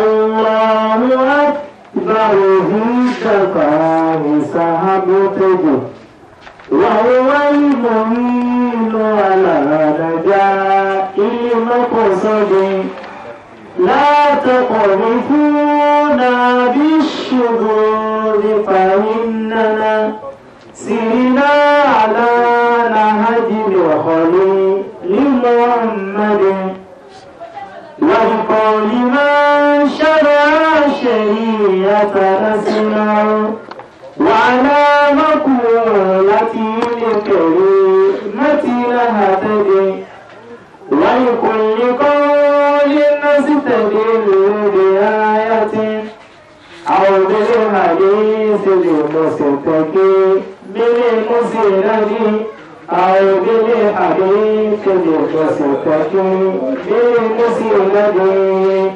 الله أكبر في شفاه سحب تجه وهو المهين على رجاء مقصد لا تقذفوا الشريعة نسمع وعلى مقولة لكريمة نهتدي ولكل قول نستدل بآية أو بالحديث المستكي بالمسند أو بالحديث المستكي بالمسند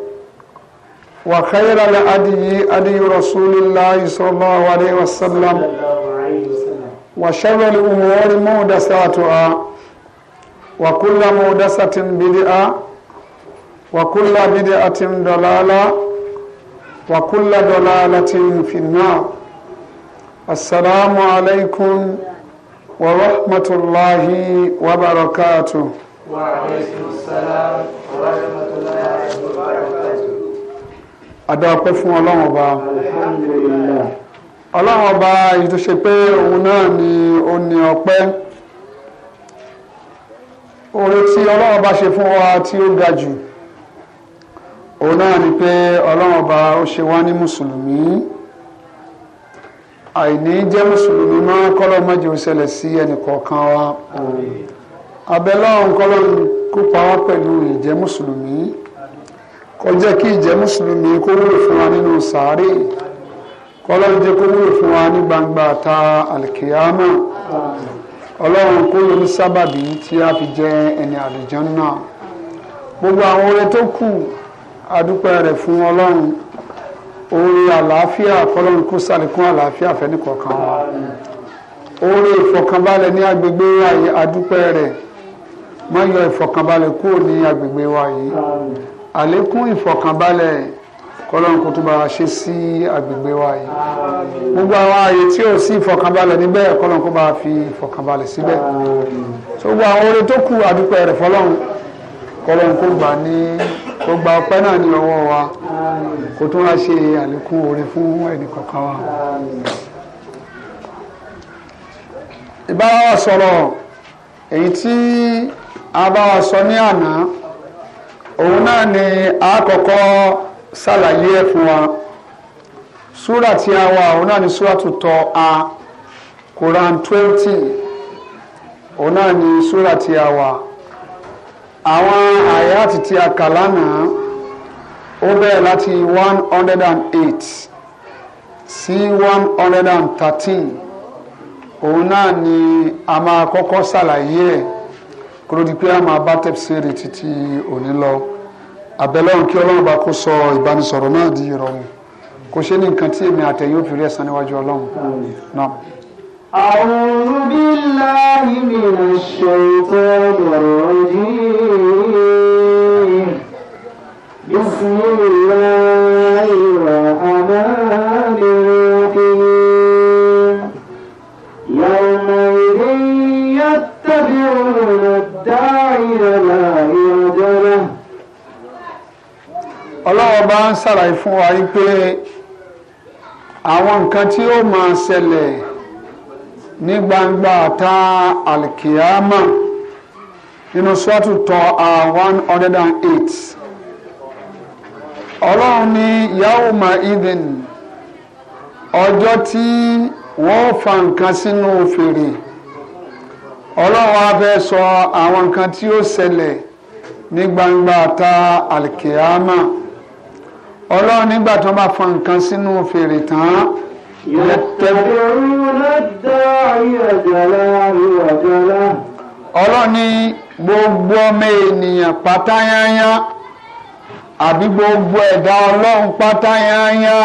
وخير الأدي أدي رسول الله صلى الله عليه وسلم وشر الأمور مودساتها وكل مودسة بدعة وكل بدعة ضلالة وكل ضلالة في النار السلام عليكم ورحمة الله وبركاته وعليكم السلام ورحمة الله وبركاته adáwọ̀pẹ́ fún ọlọ́run ọba ọlọ́run ọba èyí tó ṣe pé òun náà ni ó ní ọpẹ́ oore tí ọlọ́run ọba ṣe fún wa tí ó ga jù òun náà ni pé ọlọ́run ọba ó ṣe wá ní mùsùlùmí àìní jẹ́ mùsùlùmí máa kọ́lọ́ mọ́jì ṣẹlẹ̀ sí ẹnìkọ̀ọ̀kan wa abẹ́lọ́run kọ́lọ́run kópa wá pẹ̀lú ìjẹ́ mùsùlùmí. kọjá kí ìjẹ́ mùsùlùmí kó wúlò fún wa nínú sàárè kọlọ́run jẹ́ kó wúlò fún wa ní gbangba ta alkiyama ọlọ́run kó sábàbí a fi jẹ ẹni gbogbo àwọn oore tó kù adúpẹ́ rẹ̀ fún ọlọ́run oore àlàáfíà kọlọ́run kó ṣàlékún àlàáfíà wa ìfọ̀kànbalẹ̀ ní agbègbè adúpẹ́ rẹ̀ àlékún ìfọ̀kànbalẹ̀ kọlọ́run kó tó bá ṣe sí agbègbè wa yìí gbogbo àwọn ààyè tí ò sí ìfọ̀kànbalẹ̀ níbẹ̀ kọlọ́run kó bá fi ìfọ̀kànbalẹ̀ síbẹ̀ gbogbo àwọn oore tó kù àdúpẹ́ rẹ̀ fọlọ́run kọlọ́run kó gbà ní kó gba náà ní ọwọ́ wa kó tó wá ṣe àlékún oore fún ẹnì kọ̀ọ̀kan wa. ìbára wa sọ̀rọ̀ èyí tí a bá wa sọ ní àná òun náà ni a kọ́kọ́ ṣàlàyé ẹ̀ fún wa súrà tí a wà òun náà ni súrà tó tọ́ a Quran twenty òun náà ni súrà tí a wà àwọn àyàtì tí a kà lánàá ó bẹ̀rẹ̀ láti one hundred and eight sí one hundred and thirteen òun náà ni a máa kọ́kọ́ ṣàlàyé ẹ̀ kó di pé a máa bá tẹ̀síìrì títí òní lọ abẹ́lọ́run kí ọlọ́run bá kó sọ ìbánisọ̀rọ̀ náà di ìrọ̀rùn kò ṣe ní nǹkan tí èmi àtẹ̀yìn ó fi rí ẹ̀san níwájú ọlọ́run náà. أعوذ بالله من الشيطان الرجيم بسم الله الرحمن ọlọ́wọ́ bá ń ṣàlàyé fún wa yí pé àwọn nǹkan tí ó máa ṣẹlẹ̀ ní gbangba ta alkiyama nínú sọ́ọ̀tù tọ́ a one hundred and eight ọlọ́run ní yawma idin ọjọ́ tí wọ́n fa nǹkan sínú fèrè ọlọ́run á sọ àwọn nǹkan tí ó ṣẹlẹ̀ ní gbangba ta alkiyama ọlọ́run nígbà tí wọ́n bá fọn nǹkan sínú fèrè tán. ọlọ́run ní gbogbo ọmọ ènìyàn pátáyáyá àbí gbogbo ẹ̀dá ọlọ́run pátáyáyá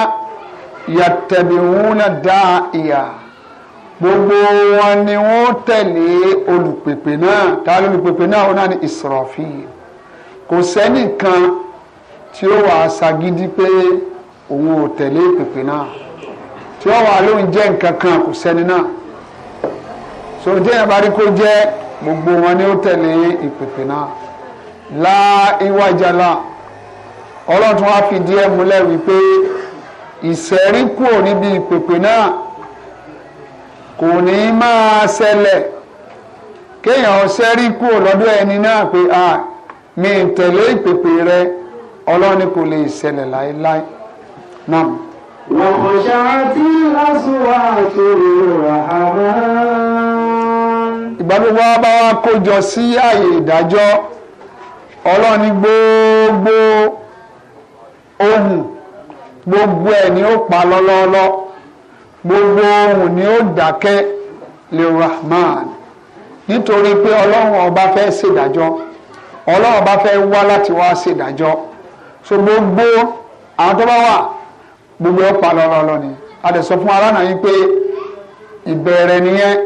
yàtẹ̀bìwúnà dáa ìyá gbogbo wọn ni wọ́n tẹ̀lé olùpèpè náà tá olùpèpè náà ó náà ní Israfil kò sẹ́nìkan tí ó wàá ṣagídí pé òun ò tẹ̀lé ìpèpè náà tí ó wàá lóun jẹ́ nǹkan kan kò sẹ́ni náà so díẹ̀ bá rí kó jẹ́ gbogbo wọn ni ó tẹ̀lé ìpèpè náà láìwájàlá ọlọ́run tí wọ́n á fi díẹ̀ múlẹ̀ wípé ìsẹ̀rí níbi ìpèpè náà kò ní máa ṣẹlẹ̀ kéèyàn ṣẹ́rí lọ́dọ̀ ẹni náà pé mi tẹ̀lé ìpèpè rẹ ọlọ́run ni kò lè ṣẹlẹ̀ láéláé náà. وخشعت الأصوات للرحمن ìgbàgbọ́ wa bá wa kójọ sí àyè ìdájọ́ ọlọ́run gbogbo ohùn gbogbo ẹ̀ ni ó pa lọ́lọ́ọ́lọ́ gbogbo ohùn ni ó dákẹ́ lirahman nítorí pé ọlọ́run ọba fẹ́ ṣèdájọ́ ọlọ́run ọba fẹ́ wá láti wá ṣèdájọ́. so gbogbo àwọn tó bá wà gbogbo ẹ̀ pa lọ́lọ́lọ́ ni a lè sọ fún aráàlú yìí pé ìbẹ̀rẹ̀ nìyẹn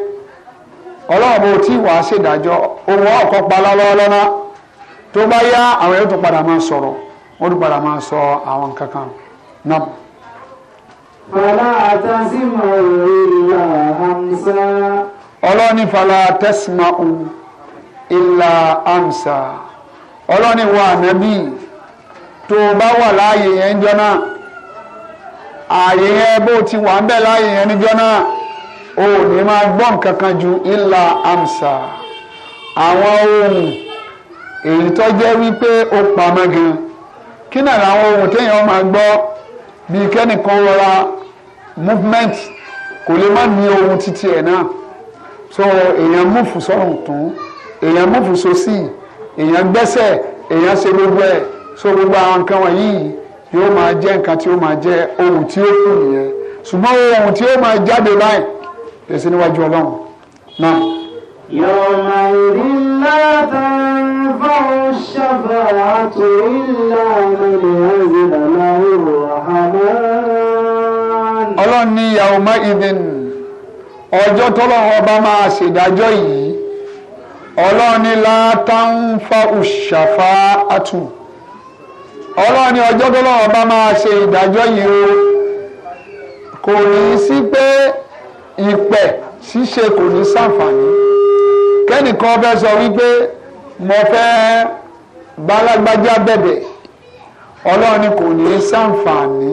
ọlọ́run bó tí wàá ṣèdájọ́ ohun ọ̀kọ́ pa lọ́lọ́lọ́ náà tó bá yá àwọn yóò tún padà máa sọ̀rọ̀ wọ́n tún padà máa sọ àwọn nǹkan kan náà. fàlà àtàzímọ̀ ìlà àmsà. ọlọ́ni fàlà àtẹ̀símọ̀ ìlà àmsà ọlọ́ni wà nàbí tó o bá wà láàyè yẹn níjọ́ náà ààyè yẹn bó o ti wà ń bẹ̀ láàyè yẹn níjọ́ náà o ò ní máa gbọ́ nǹkan kan ju ìlà amsa àwọn ohun èyí tó jẹ́ wípé ó pamọ́ gan kí náà làwọn ohun téèyàn máa gbọ́ bíi kẹ́nìkan rọra movement kò lè má ní ohun títí ẹ̀ náà so èèyàn múfù sọ́run tún èèyàn múfù sósì èèyàn gbẹ́sẹ̀ èèyàn ṣe gbogbo ẹ̀ so gbogbo àwọn nǹkan wọ̀nyí yóò máa jẹ́ nǹkan tí ó máa jẹ́ ohun tí ó kù nìyẹn ṣùgbọ́n ohun tí ó máa jáde báyìí lè sí níwájú ọlọ́run náà. yọ̀ọ̀mà ìrìnlá tẹ̀fọ́ ṣàbà àtòrílà ìrìnlá ọlọ́run ní yàwùmá ìdìn ọjọ́ tọ́lọ́run ọba máa ṣèdájọ́ yìí ọlọ́run ní látàǹfà òṣàfà àtùn ọlọ́run ní ọjọ́ tó lọ́wọ́ bá máa ṣe ìdájọ́ yìí o kò ní í sí pé ìpẹ̀ ṣíṣe kò ní sàǹfààní kẹ́nìkan fẹ́ sọ wípé mo fẹ́ bálágbájá bẹ̀bẹ̀ ọlọ́run ní kò ní í sàǹfààní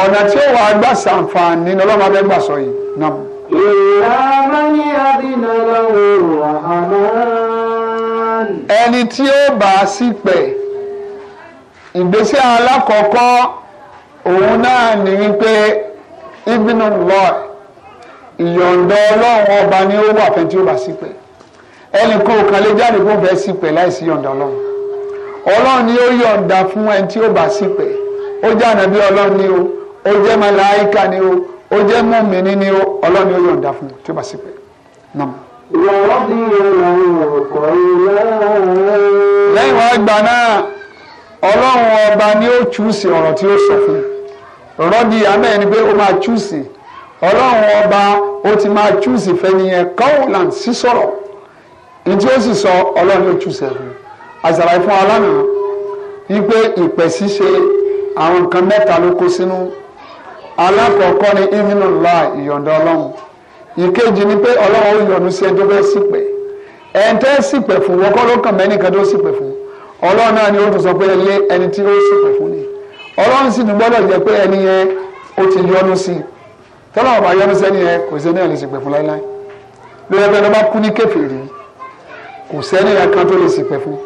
ọ̀nà tí ó wàá gbà sàǹfààní ni ọlọ́run abẹ́ sọ yìí náà. ìlànà ìyàdínà lọ́wọ́ rọ̀ ẹni tí ó bá sí pẹ̀. ìgbésẹ̀ alákọ̀ọ́kọ́ òun náà ní wípé ibinu lord ìyọ̀ǹda ọlọ́run ọba ni ó wà fẹ́ tí ó bá ṣìpẹ̀ ẹnìkan ò kan lè jáde fún fẹ́ ṣìpẹ̀ láìsí yọ̀ǹda ọlọ́run ọlọ́run ni ó yọ̀ǹda fún ẹni tí ó bá ṣìpẹ̀ ó jẹ́ ànábí ọlọ́run ni o ó jẹ́ ni o ó jẹ́ ni o ọlọ́run ni ó yọ̀ǹda fún tí ó bá wá gbà náà. ọlọ́run ọba ni ó chúùsì ọ̀rọ̀ tí ó sọ fún rọ́dí ni pé ó máa chúùsì ọlọ́run ọba ó ti máa chúùsì fẹ́ni yẹn sísọ̀rọ̀ ní tí ó sì sọ ọlọ́run ó ẹ̀fún àṣàlàyé fún ìpè àwọn nǹkan mẹ́ta ló kó sínú alákọ̀ọ́kọ́ ni ìmínúlá ìyọ̀ǹda ọlọ́run ìkejì ni ọlọ́run ó yọ́nú sí ẹni tó fẹ́ ọlọ́run náà ni ó tún sọ pé ẹlé ẹni tí ó sìnkú fún ni ọlọ́run sì tún gbọ́dọ̀ jẹ́ pé ẹni yẹn ó ti yọnu sí i tọ́lá ọba yọnu sẹ́ni yẹn kò sí ẹni yẹn lè ṣègbè fún láíláí lórí ẹgbẹ́ ló bá kú ní kèfèrí kò sẹ́ni yẹn kan tó lè ṣègbè fún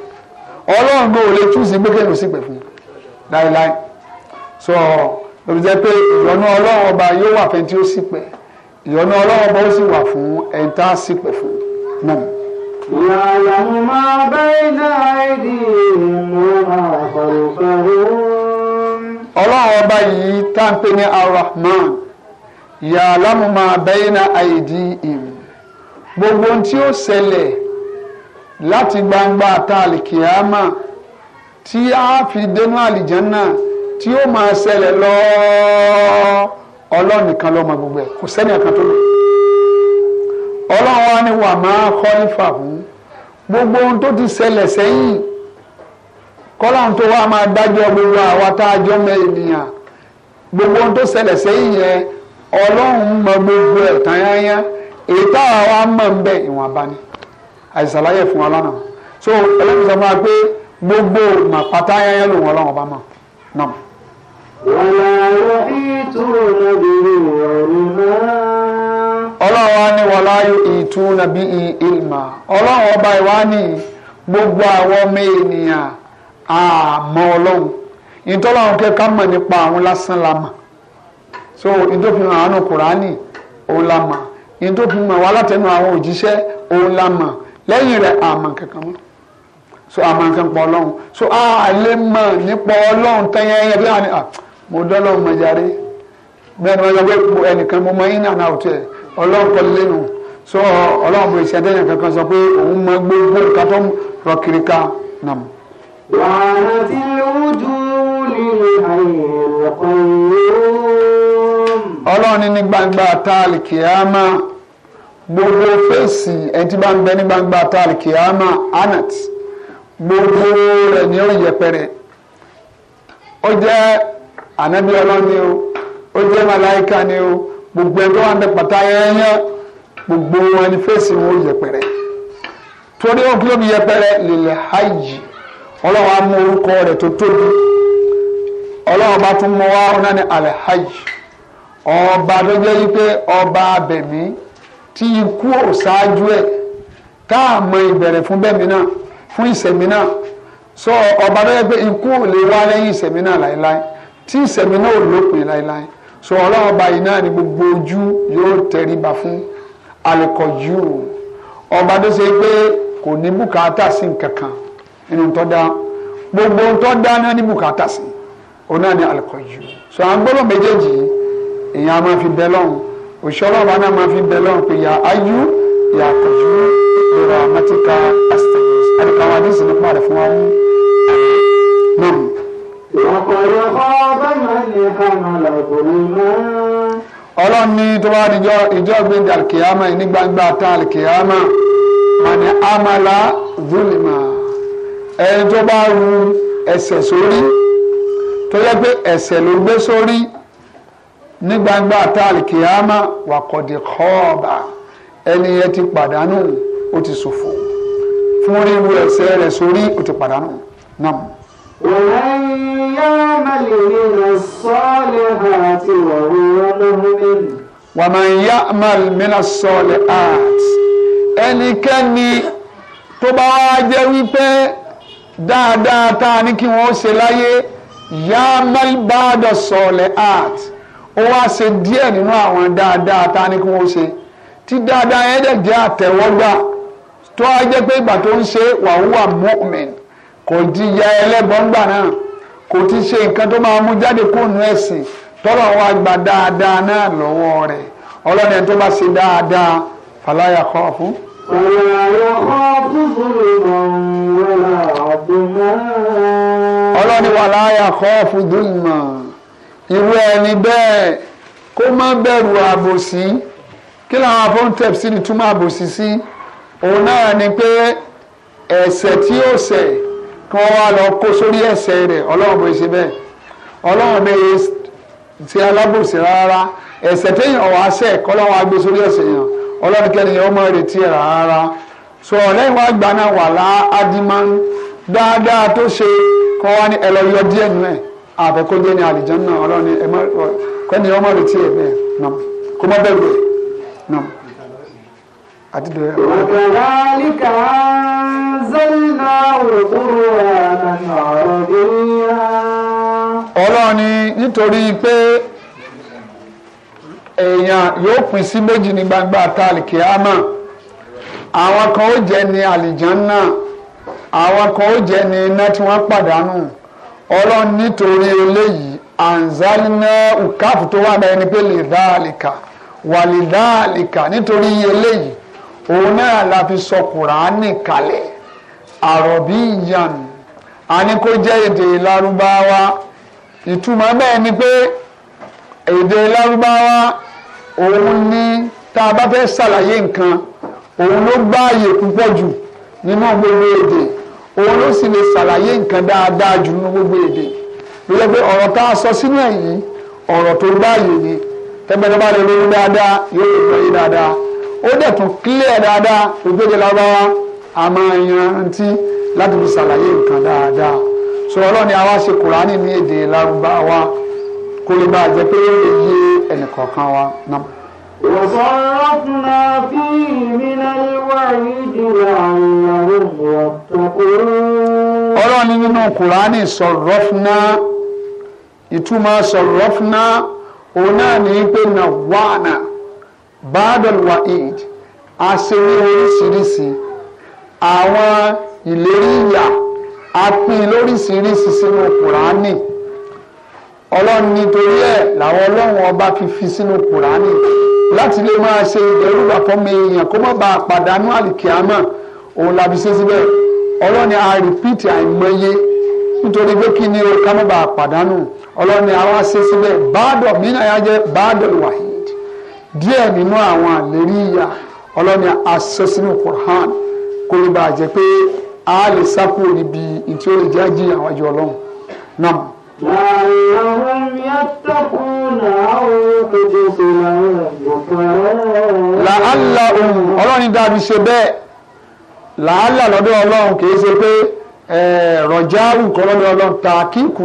ọlọ́run náà ò lè tú sí gbẹ́kẹ̀ ló ṣègbè fún láíláí sọ lórí jẹ́ pé ìyọnu ọlọ́run ọba yóò wà fẹ́ tí ó ṣìpẹ̀ ìyọnu ọlọ́run ọba ó sì wà fún ẹni tá a fún náà. يعلم ما بين أيديهم وما خلفهم ọlọ́run ọba yìí tá à ń pè ní arahman yàlámù máa bẹ́yìnà àìdí ìm gbogbo ohun tí ó ṣẹlẹ̀ láti gbangba àtàlìkìámà tí a fi dénú àlìjánná tí ó máa ṣẹlẹ̀ lọ ọlọ́run nìkan ló mọ gbogbo ẹ̀ kò sẹ́ni ẹ̀kan tó lọ ọlọ́run wa ni wà máa kọ́ nífà fún gbogbo ohun tó ti ṣẹlẹ̀ sẹ́yìn kọ́láhùn tó wá máa dájọ́ gbogbo àwa tá a gbogbo ohun tó ṣẹlẹ̀ sẹ́yìn yẹn ọlọ́run mọ gbogbo ẹ̀ tán yányá wa mọ̀ ń bẹ̀ ìwọ̀n fún wa lánàá so ẹlẹ́yìn sọ fún wa pé gbogbo mà pátá yányá ọba mọ̀ náà. bí tó ọlọ́run wa ní wọlá ìtúnà bí ìlmà ọlọ́run ọba ìwà ní gbogbo àwọn ọmọ ènìyàn àmọ́ ọlọ́run ìtọ́lọ́run kẹ́ka mọ̀ nípa àwọn lásán la so ìdófin àánú kùránì òun la la lẹ́yìn rẹ̀ a lè ní ah, mo mọ̀ yàrá ọlọ́run kọ́ lẹ́nu sọ ọlọ́run mo ìṣẹ́ dẹ́yìn kankan sọ pé òun mọ gbogbo nǹkan tó ń rọ kiri ká nàm. wàhálà tí lójú nínú àyẹ̀kọ́ ọlọ́run ní gbangba táàlì kìámà gbogbo fèsì ẹni tí bá ń bẹ ní gbangba táàlì kìámà anat gbogbo rẹ̀ ni ó yẹpẹrẹ ó jẹ́ ànábì ọlọ́run ni ó ó jẹ́ màláìka ni ó. gbogbo ẹni tó wà ní gbogbo wọn fèsì wọn yẹpẹrẹ torí wọn kí ló yẹpẹrẹ lèlè hajj ọlọ́run á mú orúkọ tó tóbi ọlọ́run bá tún mú wa ọ̀nà ní alẹ́ hajj ọba tó jẹ́ ọba abẹ̀mí tí ikú ò ṣáájú ẹ̀ ìbẹ̀rẹ̀ fún ọba tó pé ikú ò lè wá lẹ́yìn náà láéláé so ọlọ́run ọba yìí náà ni gbogbo ojú yóò tẹríba fún alikọjú ọba tó ṣe pé kò ní bùkátà sí nǹkan kan nínú tó dá gbogbo tó dá náà ní bùkátà sí òun náà ni alikọjú so àwọn gbọ́dọ̀ méjèèjì èèyàn máa fi bẹ lọ́hùn òṣìṣẹ́ ọlọ́run ọba náà máa fi bẹ lọ́hùn pé yà áyú yà kọjú lóra mẹtíkà àti àdìkàwá ní ìsìnkú àdìfún wa mú. وقد خاب من حمل ظلما ọlọ́run ní tó bá di ìjọ gbẹ̀ngà kìámà ní gbangba tá a kìámà màní amala zulima ẹni tó bá ru ẹ̀ṣẹ̀ sórí tó yẹ pé ẹ̀ṣẹ̀ ló gbé sórí ní gbangba tá a kìámà wà kọ́ọ̀bà ẹni yẹn ti pàdánù ó ti ṣòfò fún ríru ẹ̀ṣẹ̀ rẹ̀ sórí ó ti pàdánù náà. يعمل من الصالحات وهو مؤمن ومن يعمل من الصالحات ẹnikẹ́ni tó bá wá jẹ́ wípé dáadáa tá a ní kí wọ́n ṣe láyé yamal bada sọ̀lẹ̀ art ó wá ṣe díẹ̀ nínú àwọn dáadáa tá a ní kí wọ́n ṣe tí dáadáa yẹn dẹ̀ jẹ́ àtẹ̀wọ́gbà tó a jẹ́ pé ìgbà tó ń ṣe wàhùwà mu'min kò di ya ẹlẹ́bọ̀n náà kò ti ṣe nǹkan tó máa mú jáde kóònù ẹ̀sìn tọ́lọ̀ wa gba dáadáa náà lọ́wọ́ rẹ̀ ọlọ́ni ẹni tó bá ṣe dáadáa fàlàyà kọ́ fún. ọlọ́ni wàláyà kọ́ fún dùnmọ̀ ìwé ẹni bẹ́ẹ̀ kó má bẹ̀rù àbòsí kí làwọn afọ́ntẹ̀p sí ni túmọ̀ àbòsí sí òun náà ni pé ẹ̀ṣẹ̀ tí ó ṣẹ̀ kí wọ́n wá lọ kó sórí ẹ̀ṣẹ̀ rẹ̀ ọlọ́run bó ṣe bẹ́ẹ̀ ọlọ́run bẹ́ẹ̀ ṣe alábòsí rárá ẹ̀ṣẹ̀ téèyàn ọ̀wá ṣẹ̀ kọ́ lọ́wọ́ agbé sórí ẹ̀ṣẹ̀ yẹn ọlọ́run kẹ́ni yẹn ó mọ̀ retí ẹ̀ rárá so lẹ́yìn wá gbà náà wà lá adimán dáadáa tó ṣe kọ́ wá ní ẹlọ́yọ díẹ̀ nù ẹ̀ àfẹ́kọ́jẹ́ ní àlìjẹ́ náà ọlọ́run kẹ́ni yẹn ó mọ̀ retí bẹ́ẹ̀ nà kó mọ́ bẹ́ẹ̀ bẹ́ẹ̀ nà àti dòrò ẹ̀kọ́. Òkèlálíkà Zẹ́línà òkúrò ẹ̀nà ọ̀rọ̀dẹ́yà. Ọlọ́ni nítorí pé èèyàn yóò pín sí méjì ní gbangba tálíkìámà àwọn kan ó jẹ́ ní àlìjánná àwọn kan ó jẹ́ ní iná tí wọ́n pàdánù Ọlọ́run nítorí eléyìí anzalina ukafu tó wà náà ẹni pé lè dáàlìkà wà lè dáàlìkà nítorí eléyìí òun náà la fi sọ kùránì kalẹ̀ àròbí yan àní kó jẹ́ èdè lárúbáwá ìtumọ̀ bẹ́ẹ̀ ni pé èdè lárúbáwá òun ni tá a bá fẹ́ ṣàlàyé nǹkan òun ló gbáàyè púpọ̀ jù nínú gbogbo èdè òun ló sì lè ṣàlàyé nǹkan dáadáa jù nínú gbogbo èdè ló jẹ́ pé ọ̀rọ̀ tá a sọ sínú ẹ̀yìn ọ̀rọ̀ tó gbáàyè ni tẹ́gbẹ́tẹ́ bá lè lórí dáadáa yóò lè gbọ́ dáadáa. ó dẹ̀ tún clear dáadáa ògbéde lárúbáwá a máa yanrantí láti fi ṣàlàyé nǹkan dáadáa sọ̀rọ̀ ọlọ́ni àwa ṣe kùránì ní èdè lárúbáwá kó lè bá a jẹ́ pé ó yé ẹnìkọ̀ọ̀kan wa náà. وصرفنا فيه من الوعيد لعلهم يتقون ọlọ́run nínú kùránì sọ̀rọ̀fúnà badal wa'id a oríṣiríṣi àwọn ìlérí ìyà a lóríṣiríṣi sínú kùránì ọlọ́run nítorí ẹ̀ làwọn ọlọ́run ọba fi fi sínú kùránì láti lè máa ṣe ìdẹ́rùbà fọ́mọ èèyàn kó má bàa pàdánù àlìkíámà òun làbí ṣe síbẹ̀ ọlọ́run a rìpíìtì àìmọye nítorí pé kí ni o ká má bàa pàdánù ọlọ́run a wá ṣe síbẹ̀ díẹ̀ nínú àwọn àlérí ìyà ọlọ́ni aṣọ sínú Qur'an kó ló bá jẹ́ pé a lè sá kúrò níbi tí ó lè jẹ́ àjíyà wájú ọlọ́run náà. لعلهم يتقون أو يقدس لهم لعلهم ọlọ́run dàbí ṣe bẹ́ẹ̀ làálà lọ́dọ̀ ọlọ́run kì í ṣe pé rọ̀jà nǹkan lọ́dọ̀ ọlọ́run tààkì kù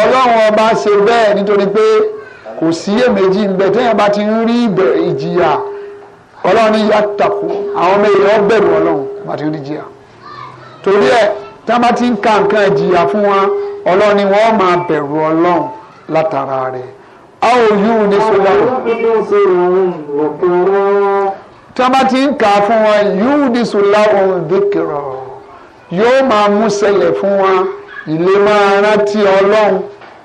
ọlọ́run ọba ṣe bẹ́ẹ̀ nítorí pé kò sí èméjì ń bẹ téèyàn bá ti ń rí ìbẹ̀rẹ̀ ìjìyà ọlọ́run ní yàtàkù àwọn ọmọ èèyàn bẹ̀rù ọlọ́run bá ti ń rí ìjìyà torí ẹ̀ tí wọ́n bá ti ń ka nǹkan ìjìyà fún wọn ọlọ́run ni wọ́n máa bẹ̀rù ọlọ́run látara rẹ̀ a ò yí òun ní sọ́wọ́ tí wọ́n bá ti ń kà á fún wọn yóò di sùlá òun yóò máa mú ṣẹlẹ̀ fún wọn ìlé máa ọlọ́run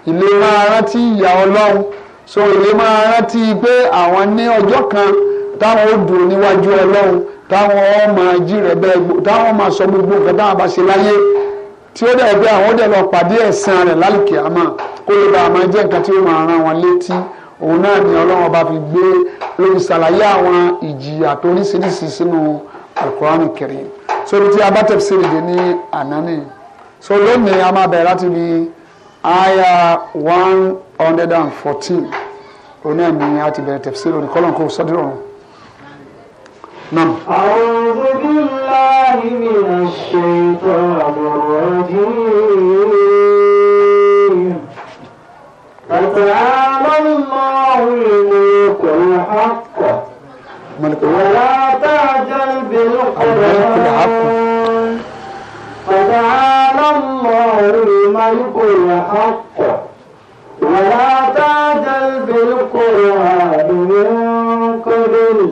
ìlé máa ìyá ọlọ́run so èlé máa rántí pé àwọn ní ọjọ́ kan táwọn ó dùn níwájú ọlọ́run táwọn ó máa jí rẹ̀ bẹ́ẹ̀ táwọn máa sọ gbogbo nǹkan táwọn bá ṣe láyé tí ó dẹ̀ bẹ́ẹ̀ àwọn ó dẹ̀ lọ pàdé ẹ̀san rẹ̀ lálùkì àmà kó lè bá àmà jẹ́ nǹkan tí ó máa ran wọn létí òun náà ni ọlọ́run ọba fi gbé lórí ṣàlàyé àwọn ìjìyà tó oríṣiríṣi sínú Al-Qur'an Karim sórí tí a bá tafsir dé ní àná so lónìí a máa bẹ̀rẹ̀ láti bí aya one hundred and fourteen òun náà ni a ti bẹ̀rẹ̀ tẹ̀sí lórí kọ́lọ́n kó sọ́dọ̀ ọ̀run. Nam. A'udhu billahi minash shaytanir rajim. Fata'ala Allahu al-mulkul haqq. Wa la ta'jal bil Qur'an. Fata'ala Allahu al-mulkul haqq. ولا تعجل بالقرآن من قبل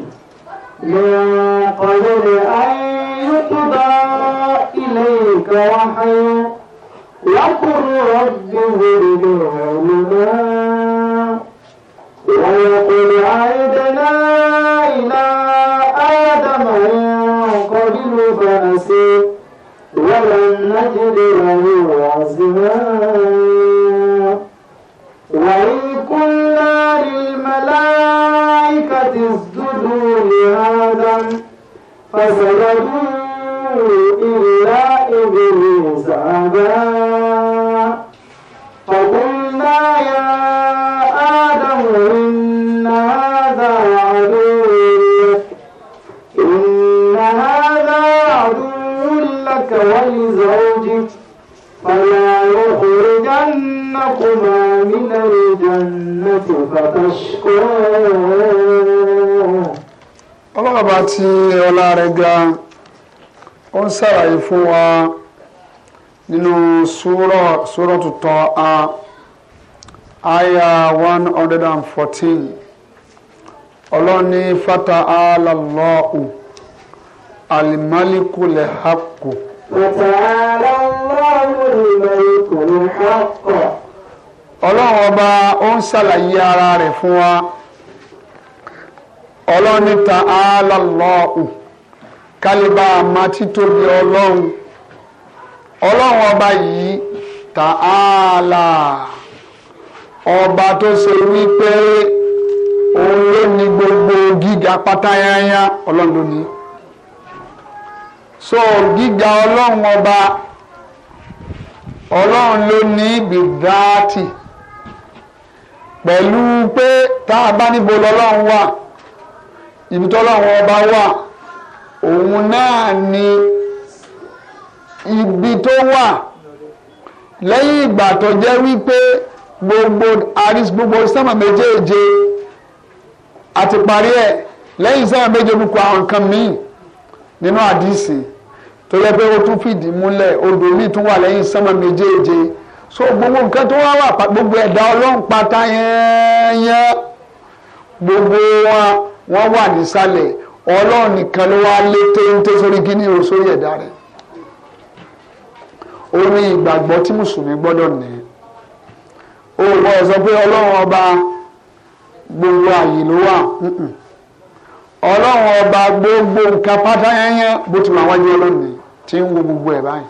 من قبل أن يقضى إليك وحي وقل رب زدني علما ويقول عيدنا إلى آدم من قبل فنسي ولن نجد له عزما فسجدوا إلا إبليس أبى فقلنا يا آدم إن هذا عدو لك إن هذا عدو لك ولزوجك فلا يخرجنكما من الجنة فتشقى ọlọ́ọ̀bá tí ọlá rẹ̀ ga ó ń ṣàlàyé fún wa nínú súrọ̀ tuntun a aya one hundred and fourteen ọlọ́ọ̀ni fata alalọ́ọ̀hù alimaliku hapkù. fata alalọ́ọ̀hù alimalikulẹ̀ hapkù. ọlọ́run ọba ó ń ṣàlàyé ara rẹ̀ fún wa ọlọ́ni ta alọ́lọ́ọ̀hù kálíbà máa títóbi ọlọ́run ọlọ́run ọba yìí ta ààlà ọba tó ṣe wípé òun ló ní gbogbo gíga pátáyáyá ọlọ́run ló ní so gíga ọlọ́run ọba ọlọ́run ló ní bìdáàtì pẹ̀lú pé tá a bá níbo lọ́lọ́run wà ibi tọ́lọ́run ọba wà òun náà ni ibi tó wà lẹ́yìn ìgbà tó jẹ́ wípé gbogbo aris gbogbo sẹ́mà méjèèje àti parí ẹ̀ lẹ́yìn sẹ́mà méje gbogbo àwọn nǹkan míì nínú àdìsí tó yẹ pé ó tún fìdí múlẹ̀ odò míì tún wà lẹ́yìn sẹ́mà méjèèje so gbogbo nǹkan tó wá wà gbogbo ẹ̀dá ọlọ́run pátá yẹn yẹn gbogbo wọn wọ́n wà nísàlẹ̀ ọlọ́run nìkan ló wá lé téńté sórí gíní o sórí ẹ̀dá rẹ̀ ó ní ìgbàgbọ́ tí mùsùlùmí gbọ́dọ̀ ní o gbọ́ sọ pé ọlọ́run ọba gbogbo àyè ló wà ọlọ́run ọba gbogbo nǹkan pátá yẹnyẹn bó ti wà wájú ọlọ́run ni tí ń wo gbogbo ẹ̀ báyìí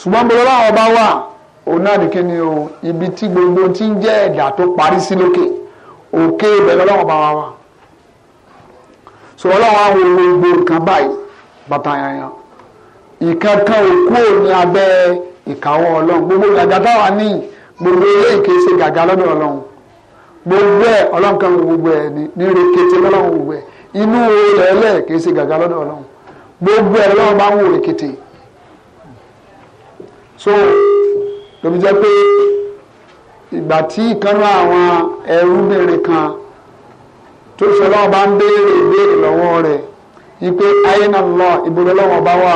ṣùgbọ́n bí ọlọ́run ọba wà òun náà nìkan ni o ibi tí gbogbo ti ń jẹ́ ẹ̀dá tó parí sí lókè òkè ibẹ̀ lọ́wọ́ bá wa wà so ọlọ́wọ́ àwọn gbogbo nǹkan báyìí bàtà yanyan ìkankan òkú òní abẹ́ ìkáwọ́ ọlọ́run gbogbo gàgà táwa ní gbogbo ilé ìkéṣe gàgà lọ́dọ̀ ọlọ́run gbogbo ẹ̀ ọlọ́run kan gbogbo ẹ̀ ní níre kété lọ́lọ́run gbogbo ẹ̀ inú rẹ̀ lẹ̀ kéṣe gàgà lọ́dọ̀ ọlọ́run gbogbo ẹ̀ lọ́run bá ń wò rẹ̀ kété so lóbi jẹ́ pé ìgbà tí ìkànnì àwọn ẹrúbìnrin kan tó ṣe ọlọ́run bá ń béèrè ìbéèrè lọ́wọ́ rẹ̀ wípé ayé náà lọ ìbúrò ọlọ́run ọba wà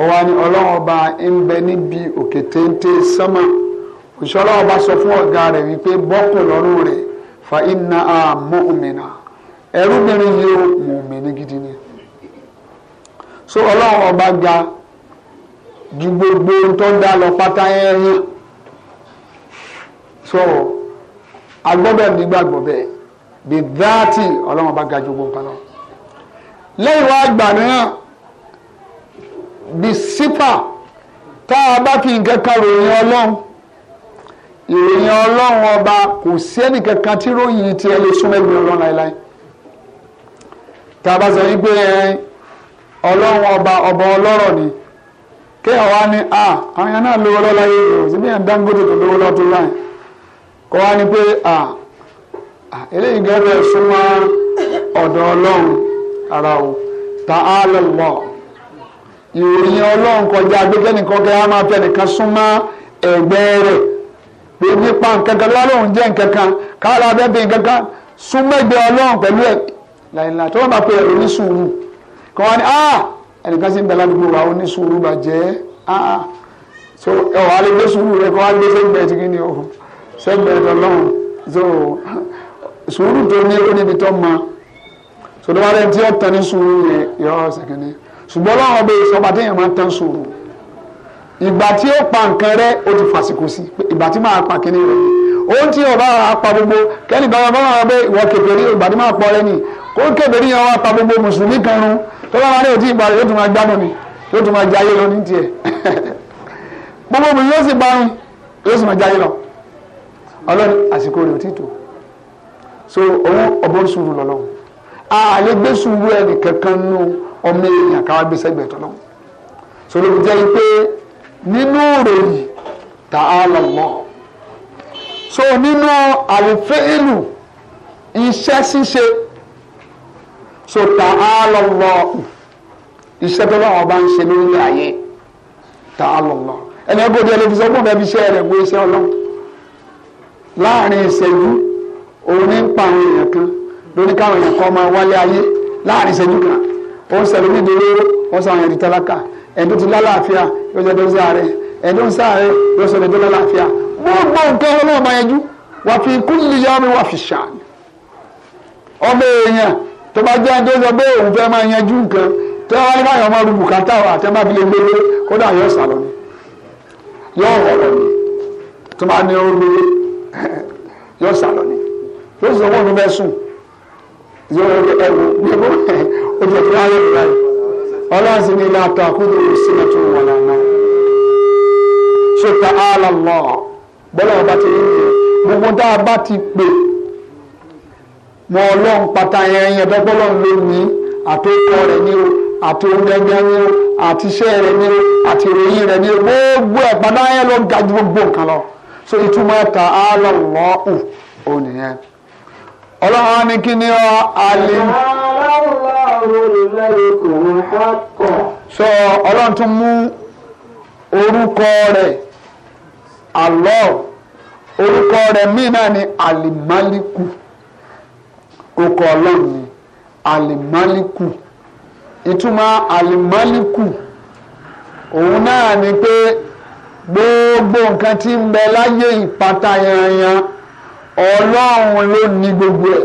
ọwọ́ ni ọlọ́run ọba ń bẹ níbi òkè téńté sánmà òṣìṣẹ́ ọba sọ fún ọ̀gá rẹ̀ wípé bọ́kùn lọ́rùn rẹ̀ fa iná àmọ́ òmìnira ẹrúbìnrin yìí ó mú òmìnira gidi ni so ọlọ́run ọba ga ju gbogbo tó ń dá lọ pátá yẹn so agbọ́dọ̀ nígbàgbọ́ bẹ́ẹ̀ bí dáàtì ọlọ́run bá ga jogbo lọ. lẹ́yìn wá gbà náà bí sípà tá a bá fi nǹkan kan ròyìn ọba kò sí ẹnìkankan tí ròyìn tiẹ̀ lè súnmọ́ ọlọ́run láéláé tá a bá sọ ọba ọba ọlọ́rọ̀ ni wá ní àwọn yẹn náà lówó tó lówó kọ́ wá ní pé à eléyìí gẹ́gẹ́ súnmọ́ ọ̀dọ̀ ọlọ́run ara o ta á lọ lọ ìròyìn ọlọ́run kọjá gbẹ́gẹ́nìkan kẹ́ á máa fẹ́ nìkan súnmọ́ ẹ̀gbẹ́ rẹ̀ pé nípa nkankan lọ́lọ́run jẹ́ nkankan káàlà abẹ́ bí nkankan súnmẹ́gbẹ́ ọlọ́run pẹ̀lú ẹ̀ làyìnlá tó wọ́n bá pe ẹ̀rọ oníṣùúrù kọ́ wá ní à ẹnìkan sì ń bẹ ládùúgbò wa oníṣùúrù bàjẹ́ à wà á lè gbé sùúrù rẹ̀ kọ́ wá gbé sẹ́gbẹ̀ẹ́ tìkí ni o sọ́gbẹ́ lọ́lọ́run so sùúrù tó ní ó níbi tó ma sọdọ́ wa lẹ́yìn tí ó tán ní sùúrù yẹn yọ ṣèkínní ṣùgbọ́n ọlọ́run ọbẹ̀ ìsọba téèyàn máa ń tán sùúrù ìgbà tí ó pa nǹkan rẹ ó ti fàsìkò sí ìgbà tí máa pa kínní rẹ òun tí ọba apá gbogbo kẹ́ni bàbá bàbá wọn bẹ ìwọ kèfèrí ìgbà tí máa pọ̀ rẹ nì kó kèfèrí yẹn wọn apá gbogbo mùsùlùmí kan run tó bá wọn ní ìgbà rẹ yóò tún máa gbádùn ni yóò tún máa jayé lọ ní tiẹ̀ gbogbo mi yóò sì gbárùn yóò sì máa jayé lọ ọlọ́run àsìkò rẹ̀ ò tí tó so owó ọbọ̀ sùúrù lọ́lọ́run àlẹ́ gbé sùúrù ẹnì kankan nù ọmọ èèyàn káwá gbé sẹ́gbẹ̀ẹ́ tọ́lọ́run so ló jẹ́ pé nínú ìròyìn tá a lọ mọ́ so nínú àlùfẹ́ ìlú iṣẹ́ ṣíṣe so tá a lọ lọ iṣẹ́ tó bá wọn bá ń ṣe lórílẹ̀ ayé tá a lọ lọ ẹni ẹgbẹ́ òde ẹlẹ́fisẹ́ ọgbọ́n bẹ́ẹ̀ fi ṣe ẹ̀rẹ̀ gbé iṣẹ́ ọlọ́run láàrin ìṣẹ́jú òun ní ń pa àwọn èèyàn kan lóní káwọn èèyàn kan máa wálé ayé láàrin ìṣẹ́jú kan òun sẹ̀lú ní ìdílé wọn sọ àwọn èèyàn di tálákà ẹ̀dùn ti lálàáfíà yóò jẹ́ dọ́sí ààrẹ ẹ̀dùn sáàrẹ yóò sọ ẹ̀dùn lálàáfíà gbogbo nǹkan ọlọ́run máa yẹjú wà fi kúlì yá mi wà fi ṣàn ọmọ èèyàn tó bá jẹ́ ẹni sọ pé òun fẹ́ máa yẹjú nǹkan tó wá ní báyọ̀ ọmọ rúbù kátà àtẹ́má fi lè gbélé kódà yóò sàlọ́ ni yóò rọ̀ ni tó bá ní ó gbélé yóò sálọ ni yóò sọ wọn ló fẹ́ sùn yóò wọlé ẹrù níbo ojú ẹ̀fọ́ ayé rẹ̀ ọlọ́run sì ní ilé atọ́ àkúndé yóò sí ẹ̀tún wọn lánà. ṣùkà àlọ́lọ́ bọ́lá ọba ti rí nìyẹn gbogbo tá a bá ti pè mọ ọlọ́run pátá yẹn yẹn dọ́gbọ́lọ́run ló ní àtòkọ rẹ̀ ní o àti oúnjẹ yẹn ní o àti iṣẹ́ rẹ̀ ní o àti ìròyìn rẹ̀ ní o gbogbo ẹ̀ padà yẹn ló ga gbogbo nǹkan lọ so ìtumọ̀ ta alọ́lọ́hù òun nìyẹn ọlọ́run á ní kí ni ọ alẹ́. so ọlọ́run tún mú orúkọ rẹ̀ alọ́ orúkọ rẹ̀ míì náà ni alimaliku orúkọ ọlọ́run ni alimaliku ìtumọ̀ alimaliku òun náà ni pé gbogbo nǹkan tí ń bẹ láyé ìpàtà yanyan ọlọ́run ló ní gbogbo ẹ̀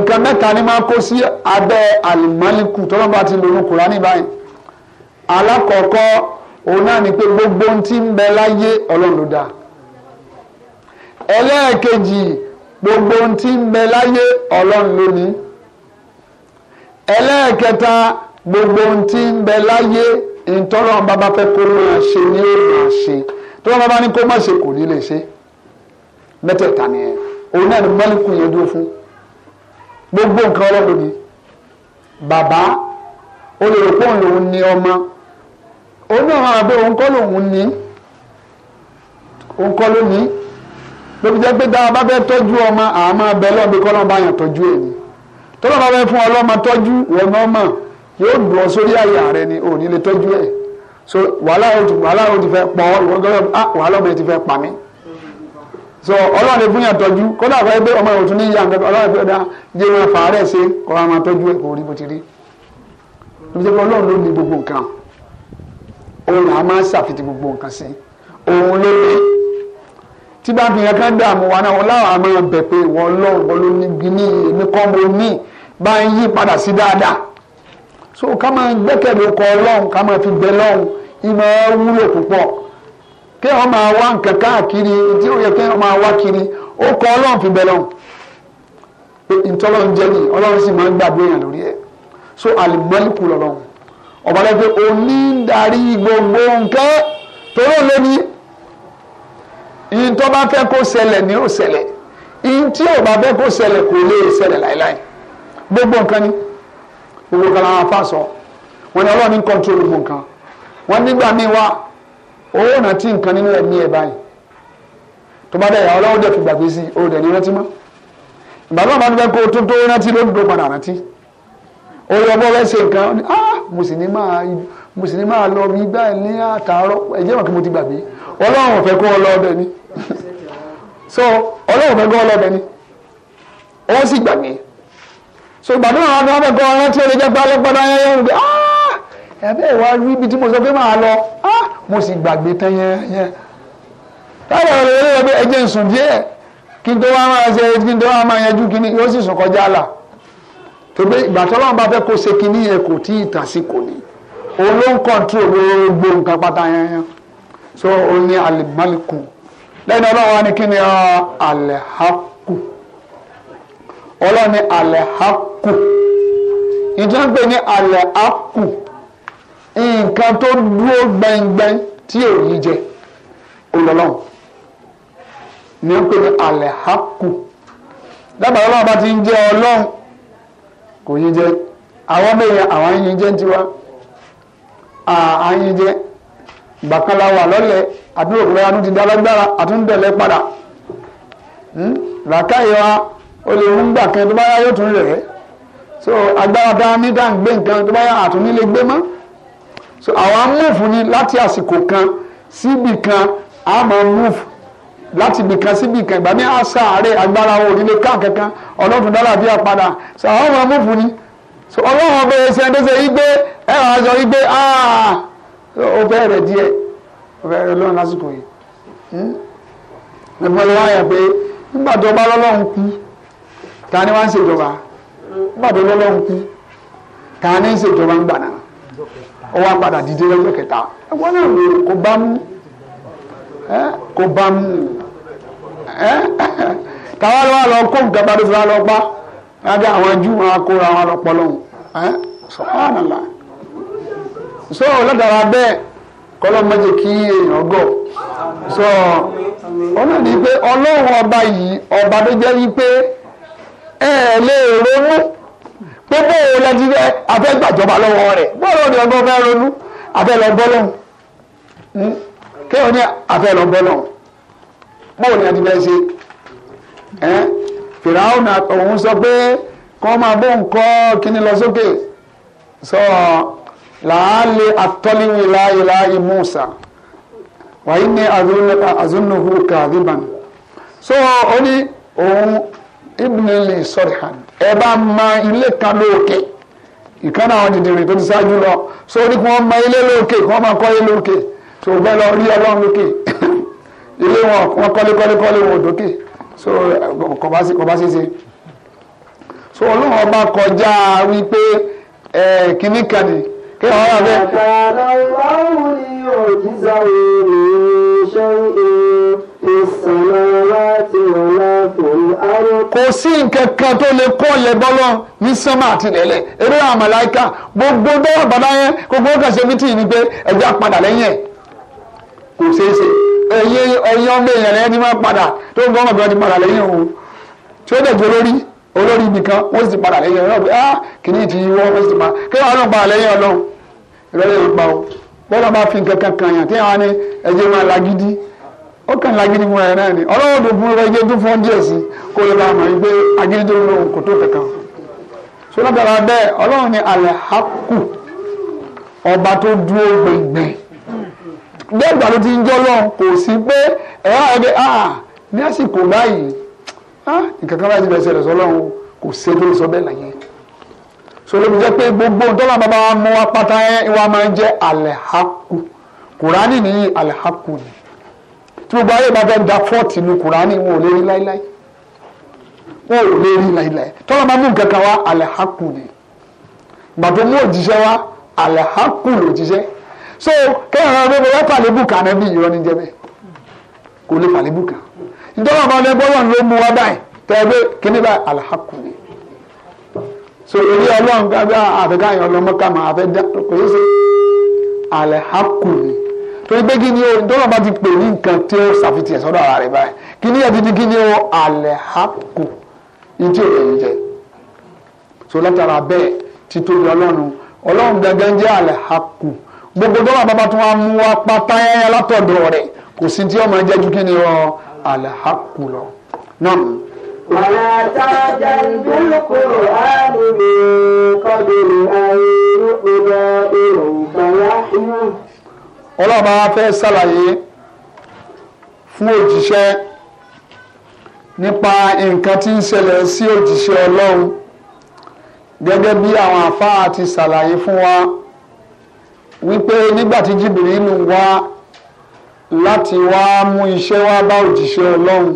nǹkan mẹ́ta ni máa kó sí abẹ́ àlìmọ́líkù tọ́lọ́ bá ti lòun Kùránì báyìí alákọ̀ọ́kọ́ òun náà ni pé gbogbo ohun tí ń bẹ láyé ọlọ́run ló dá ẹlẹ́ẹ̀kejì gbogbo ohun tí ń bẹ láyé ọlọ́run ló ní ẹlẹ́ẹ̀kẹta gbogbo ohun tí ń bẹ láyé ọlọ́run ló ní ìtọ́lọ́ bàbá fẹ́ kó máa ṣe ní ó máa ṣe tó wọn bàbá ní kó má ṣe kò ní lè ṣe mẹ́tẹ̀ẹ̀ta nìyẹn òun náà ni mọ́líkù yẹn dúró fún gbogbo nǹkan ọlọ́run ni bàbá ó lè rò pé òun lòun ní ọmọ òun náà máa bẹ òun kọ́ lòun ní òun kọ́ ló ní lóbi jẹ́ pé dáa bá fẹ́ tọ́jú ọmọ àmọ́ abẹ́ lọ́ọ̀bí kọ́ lọ́ọ̀ bá yàn tọ́jú èyí tọ́lọ́ bá fẹ́ fún ọlọ́mọ tọ́jú wọ̀nà ọmọ yóò dùn ọ sórí àyà rẹ ni ò ní lè tọ́jú ẹ̀ so wàhálà òtún wàhálà òtún ti fẹ́ pọ̀ ìwọ gbọ́dọ̀ ah wàhálà òbí ti fẹ́ pa mí so ọlọ́run lè fúnyàn tọ́jú kódà fẹ́ gbé ọmọ òtún ní ìyá nǹkan ọlọ́run fẹ́ dá jẹ́ wọn fà á rẹ̀ ṣe kọ́ ọ máa tọ́jú ẹ̀ kò rí bó ti rí ìjẹ́ pé ọlọ́run ló ní gbogbo nǹkan òun là á máa ṣàfitì gbogbo nǹkan sí òun ló ní tí bá fi yẹn kán dààmú wa náà wọn láwọn àmọ́ bẹ̀ pé wọn lọ́wọ́ ló ní gbin so ká máa gbẹ́kẹ̀lé ọkọ̀ ọlọ́run ká máa fi gbẹ lọ́run ìmọ̀ wúlò púpọ̀ kí wọ́n máa wá nǹkan káàkiri tí ó yẹ kí wọ́n máa wá kiri ó ọlọ́run fi bẹ lọ́run ìtọ́lọ́run jẹ́ ní ọlọ́run sì máa ń gbàgbé èèyàn lórí ẹ̀ so àlùmọ́lùkù lọ́lọ́run ọ̀bá lẹ́gbẹ́ onídarí gbogbo nǹkan torí ló ní ìyìn tó bá fẹ́ kó ṣẹlẹ̀ ni ó ṣẹlẹ̀ ìyìn tí ò bá fẹ́ kó ṣẹlẹ̀ kò lè ṣẹlẹ̀ láéláé gbogbo nǹkan ni gbogbo kan àwọn afa sọ wọn ni ọlọ́run ní kọ́ńtírólù gbogbo nǹkan wọn nígbà míì wá owó ìrántí nǹkan nínú ẹ̀mí ẹ̀ báyìí tó bá dẹ̀yà ọlọ́run dẹ̀ fi gbàgbé sí o dẹ̀ ní rántí mọ́ ìgbàgbọ́ máa ń fẹ́ kó o tó tó rántí ló padà rántí orí ọgbọ́n fẹ́ ṣe nǹkan ah mo sì ní máa mo sì ní máa lọ bí gbá ẹ ní àtàárọ̀ ẹ̀jẹ̀ mọ̀ kí mo ti gbàgbé ọlọ́run fẹ́ kó o ọbẹ̀ ni so ọlọ́run fẹ́ kó o lọ ọbẹ̀ ni ó sì gbàgbé so ìgbàdo àwọn ọmọ ọmọ kan rántí ó lè jẹ́ pé alọ́pàdà yẹn yẹn rìn ah ẹ̀bẹ́ ìwà rí ibi tí mo sọ pé màá lọ ah, mo sì gbàgbé tán yẹn yẹn táwọn ọ̀rẹ́ rẹ̀ pé ẹ̀jẹ̀ ń sùn díẹ̀ kí n tó wá máa ṣe kí n tó wá máa yanjú kí ni yóò sì sùn kọjá là tòbí ìgbà tó lọ́n bá fẹ́ kó ṣe kí ni yẹn kò tí ì tàn sí kò ní òun ló ń kọ́ńtró gbogbo nǹkan pátá yẹn yẹn so òun ni alimaliku lẹ́yìn ọlọ́run wa ni kí ni alẹ́ ah, hap ọlọ́run ní alẹ́ akù ìjọba ní alẹ́ akù nǹkan tó dúró gbẹngbẹng tí èyí jẹ olọ́lọ́run ní ó pè ní alẹ́ akù dábàá ọlọ́run bá ti ń jẹ ọlọ́run kò yí jẹ àwọn bẹ́ẹ̀ àwọn yín jẹ́ tiwa àyín jẹ gbàkanlá wà lọ́lẹ̀ àbí òkúra ti dá lágbára àtúntẹ̀lẹ́ padà hmm? làákàyè wa o lè mú gbà kan tó bá yá yóò tún rẹ̀ ẹ́ so agbára tá a ní tá à ń gbé nǹkan tó bá yá àtúní lè gbé mọ́ so àwa múùfù ni láti àsìkò kan síbì kan a máa múùfù láti bìkan síbi kan ìgbà ní àṣà àárẹ̀ agbára òrìlé ká kankan ọlọ́run dára bí apàdà sọ àwọn ọmọ múfù ni ọlọ́run ọbẹ̀ ẹsẹ̀ ẹ̀dẹ́ ṣe igbe ẹ̀rọ aṣọ igbe ó bẹ́ẹ̀ rẹ̀ díẹ̀ ó bẹ́ẹ̀ rẹ̀ lọ́run lásìkò yìí hmm? ẹ̀fọn ló wáyà pé nígbà tó bá lọ́lọ́run kú ta ni wọ́n ń ṣèjọba gbàdé lọ́lọ́run kú ta ni ń ṣèjọba ń gbà náà ó wá padà dìde lọ́jọ́ kẹta ẹ̀wọ́n náà ló kò bá mú kò bá mú táwa ló wà lọ kó nǹkan bá ló fi wá lọ pa lábẹ́ àwọn jù wọn akóra wọn lọ pọlọ́hún sọ̀hánàlá so lọ́dàra bẹ́ẹ̀ kọ́lọ́ méje kí èèyàn gọ̀ so ọ̀nà ni pé ọlọ́run ọba yìí ọba tó jẹ́ wípé ẹ lè ronú pé bóun lẹ́tí fẹ́ abẹ́gbàjọba lọ́wọ́ rẹ̀ bọ́ọ̀lù hmm? ni ọgbọ́n fẹ́ ronú abẹ́lọ́gbọ́lọ́hùn kéwọn ní abẹ́lọ́gbọ́lọ́hùn bóun ni ẹtí fẹ́ ṣe ẹ́ fìràhùn òun sọ pé kọ́ máa bóun kọ́ kíní lọ sókè sọ làálẹ̀ àtọ́líwì láàyè láàyè Musa wàyí ní azúnnùhù kàdíban so ó ní òun ibùnilé sọ̀rìhàn ẹ bá ma ilé kan lóòkè ìkan náà wọn ti dèrè tó ti ṣáájú lọ sórí kí wọ́n ma ilé lóòkè kí wọ́n ma kọ́ ilé lóòkè tó gbẹ́ lọ rí ọlọ́run lókè ilé wọn wọn kọ́lé kọ́lé kọ́lé wọn ò so kò bá ṣe ṣe so ọlọ́run ọba kọjá wípé kínní kan ni kí wọ́n wà bẹ́ẹ̀. àtàlà ọ̀hún ni òjì sáré ṣe é kò sí nǹkan kan tó lè kọ́ lẹ́bọ́lọ́ ní sánmà àtìlẹ́lẹ̀ eré àmàláìka gbogbo bẹ́ẹ̀ bàbá yẹn gbogbo ó kàṣe mítì ni pé ẹ̀jẹ̀ àpadà lẹ́yìn ẹ̀ kò ṣeé ṣe ẹ̀yẹ ọ̀yẹ́ ọmọ èèyàn lẹ́yìn ni máa padà tó ń gbọ́ ọmọ padà lẹ́yìn òun tí ó dẹ̀ jẹ́ olórí nìkan wọ́n sì padà lẹ́yìn ọlọ́run ah kìíní ti wọ́ wọ́n sì máa kí wọ́n náà padà lẹ́yìn ọlọ́run ìrẹ́lẹ̀ yìí pa o bọ́lá bá ó kàn lágídí múra ẹ̀ náà ni ọlọ́wọ́ tó fún ẹgbẹ́ tó fún díẹ̀ sí kó lè bá a mọ̀ wípé agídí kò tó kankan so látara bẹ́ẹ̀ ọlọ́run ni alẹ́hàkù ọba tó dúró gbẹ̀ngbẹ̀n bẹ́ẹ̀ ìgbà tó ti ń jọ́ lọ́run kò sí pé ẹ̀rọ ẹgbẹ́ ah ní àsìkò báyìí ah nǹkan kan báyìí ti bẹ̀rẹ̀ sẹ̀rẹ̀ sọ́lọ́run kò sí tó lè sọ bẹ́ẹ̀ láyé so ló fi jẹ́ pé gbogbo ntọ́lá mú wa ẹ̀ wá máa ń jẹ́ alẹ́hàkù kùránì ní alẹ́hàkù ni. gbogbo ayé bá fẹ́ da fọ́ọ̀tì nu kùránì wọn ò lè láíláí wọn ò lè láíláí tọ́lá máa mú nǹkan kan so kẹ́hìn ọ̀rọ̀ bẹ́ẹ̀ wọ́n kan náà bí ìrọ́ jẹ́bẹ̀ kò lè kan ìjọba máa ló mú wá báyìí kíní báyìí àlẹ́hàkù ni so èyí ọlọ́run gbàgbé àfẹ́ká yẹn ọlọ́mọ torí pé kí ni o dọ́là bá ti pè ní nǹkan tí ó ṣàfihàn sọ́dọ̀ ara rẹ̀ báyìí kí ni ẹ̀dídí kí ni o àlẹ́ hapò ìdí òye yìí jẹ́ so látara bẹ́ẹ̀ títóbi ọlọ́run ọlọ́run gangan jẹ́ àlẹ́ hapò gbogbo dọ́là bàbá tí wọ́n mú wa pátá yáyá látọ̀dọ̀ rẹ̀ kò sí tí ó jẹ́ ju kí ni o àlẹ́ hapò lọ náà. ولا تعجل بالقرآن من قبل أن ọlọ́run bá fẹ́ ṣàlàyé fún òjíṣẹ́ nípa nǹkan tí ń ṣẹlẹ̀ sí òjíṣẹ́ ọlọ́run gẹ́gẹ́ bí àwọn àfáà ti ṣàlàyé fún wa wípé nígbà tí jìbìrínù wá láti wá mú iṣẹ́ wá bá òjíṣẹ́ ọlọ́run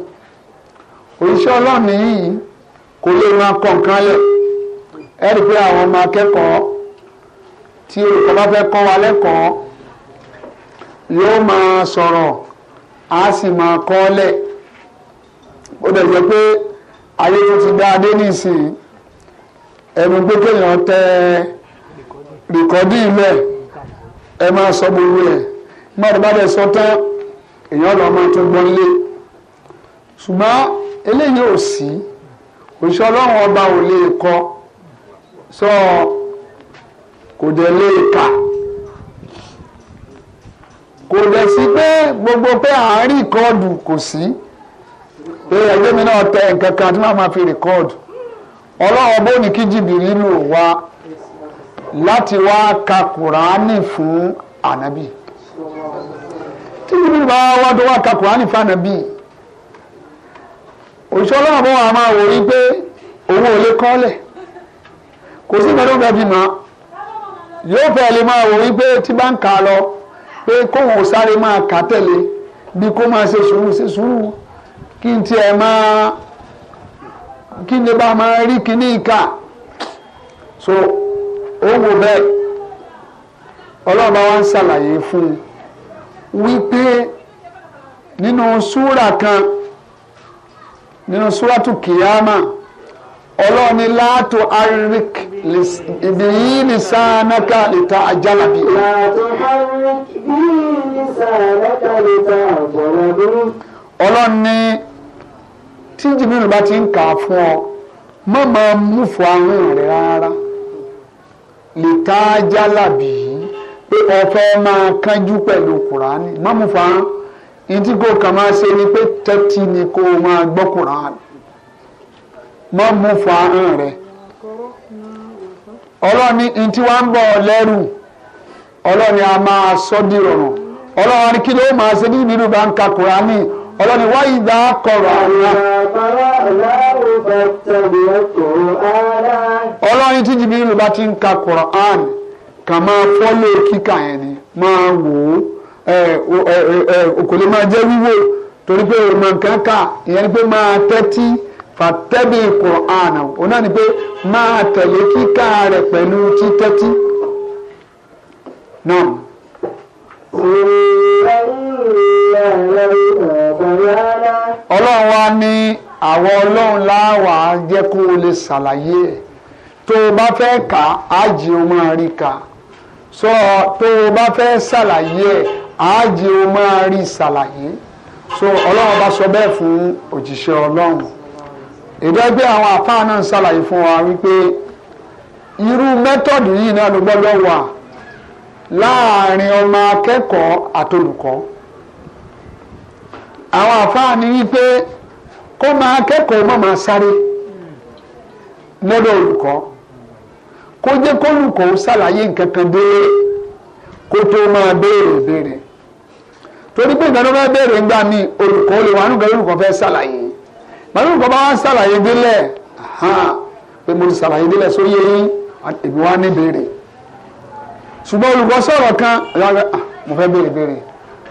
òjíṣẹ́ ọlọ́run nìyí kò lè máa kọ̀ nǹkan lẹ̀ ẹ rí i pé àwọn ọmọ akẹ́kọ̀ọ́ tí olùkọ́ bá fẹ́ kọ́ wa lẹ́kọ̀ọ́ yóò máa sọ̀rọ̀ á sì máa kọ́lẹ̀ ó dẹ̀ jẹ́ pé ayé tó ti dáa dé nísìnyí ẹnu pé kéèyàn tẹ rìkọ́dì lẹ̀ ẹ máa sọ gbogbo ẹ̀ mọ́tò bá dẹ̀ sọ tán èèyàn lọ́ọ́ máa tún gbọ́n lé ṣùgbọ́n eléyìí ò sí òṣìṣẹ́ ọlọ́run ọba ò lè kọ́ sọ kò dẹ̀ lè kà kò dẹ̀ sí pé gbogbo pé à ń rìkọ́ọ̀dù kò sí pé ẹgbẹ́ mi náà tẹ nǹkan kan tí wọ́n máa fi rìkọ́ọ̀dù ọlọ́run bó ní kí jìbìrì lò wá láti wá ka kùránì fún ànábì tí jìbìrì bá wá tó wá ka kùránì fún ànábì òṣìṣẹ́ ọlọ́run bó wà máa wò yí pé owó ò kọ́lẹ̀ kò sí ìgbàlódé bí mà yóò fẹ́ lè máa wò yí pé tí bá ń kà á lọ pé kóun ò sáré máa kà tẹ̀lé bí kó máa ṣe sùúrù ṣe sùúrù kí n tiẹ̀ máa kí n lè bá máa rí kíní ìka so ó wo bẹ́ẹ̀ ọlọ́run bá wá ń ṣàlàyé fún un wípé nínú súrà kan nínú súràtù kìyàmá. No ọlọ́run ni láàtò arik ibi yìí ni sáánàkà lè ta àjálà bí. láàtò arik bí ni sáánàkà lè ta àjálà bí. ọlọ́run ni tí jìbìrì bá ti ń kà á fún ọ má máa mú fún àwọn rẹ rárá lè ta àjálà bí pé ọ̀fẹ́ máa kánjú pẹ̀lú kùránì má mú fún àwọn ìdí kà máa ṣe ni pé tẹ́tí ni kò máa gbọ́ kùránì má mú fún ahọ́n rẹ ọlọ́ni ntí wàá ń bọ̀ lẹ́rù ọlọ́ni a máa sọ di rọrùn ọlọ́ni kí ló máa ṣe ní nínú bá ń ka Kùránì ọlọ́ni wáyé ìdá kọ̀rọ̀ àwọn. ọlọ́ni tí jìbìrì bá ti ń ka Kùránì kà máa fọ́lé kíkà yẹn ni máa wò ó kò máa jẹ́ wíwò torí pé òun máa kà ìyẹn ni pé máa tẹ́tí fàtẹ́bí kùránà òun náà ni pé máa tẹ̀lé kíkà rẹ̀ pẹ̀lú títẹ́tí náà. ọlọ́run wa ní àwọn ọlọ́run láwà á jẹ́ kó o lè ṣàlàyé ẹ̀ tó o bá fẹ́ kà á jì ó máa rí kà sọ tó o bá fẹ́ ṣàlàyé ẹ̀ á jì ó máa rí ṣàlàyé so ọlọ́run bá sọ bẹ́ẹ̀ fún òjíṣẹ́ ọlọ́run ìdẹ́gbẹ́ àwọn àfáà náà ń ṣàlàyé fún wa wípé irú mẹ́tọ̀dù yìí náà ló gbọ́dọ̀ wà láàrin ọmọ akẹ́kọ̀ọ́ àtolùkọ́ àwọn àfáà ní wípé kó máa kẹ́kọ̀ọ́ má máa sáré lọ́dọ̀ olùkọ́ kó jẹ́ kólùkọ́ ṣàlàyé nǹkan kan déédéé kó tó máa béèrè béèrè torí pé ìgbà tó fẹ́ béèrè ńgbà míì olùkọ́ lè wà nùgbà olùkọ́ fẹ́ ṣàlàyé màlúù kọ́ bá wá ṣàlàyé délẹ̀ pé mo ti ṣàlàyé délẹ̀ sóyè yín èmi wá ní béèrè ṣùgbọ́n olùkọ́ sọ̀rọ̀ kan ah, mo fẹ́ béèrè béèrè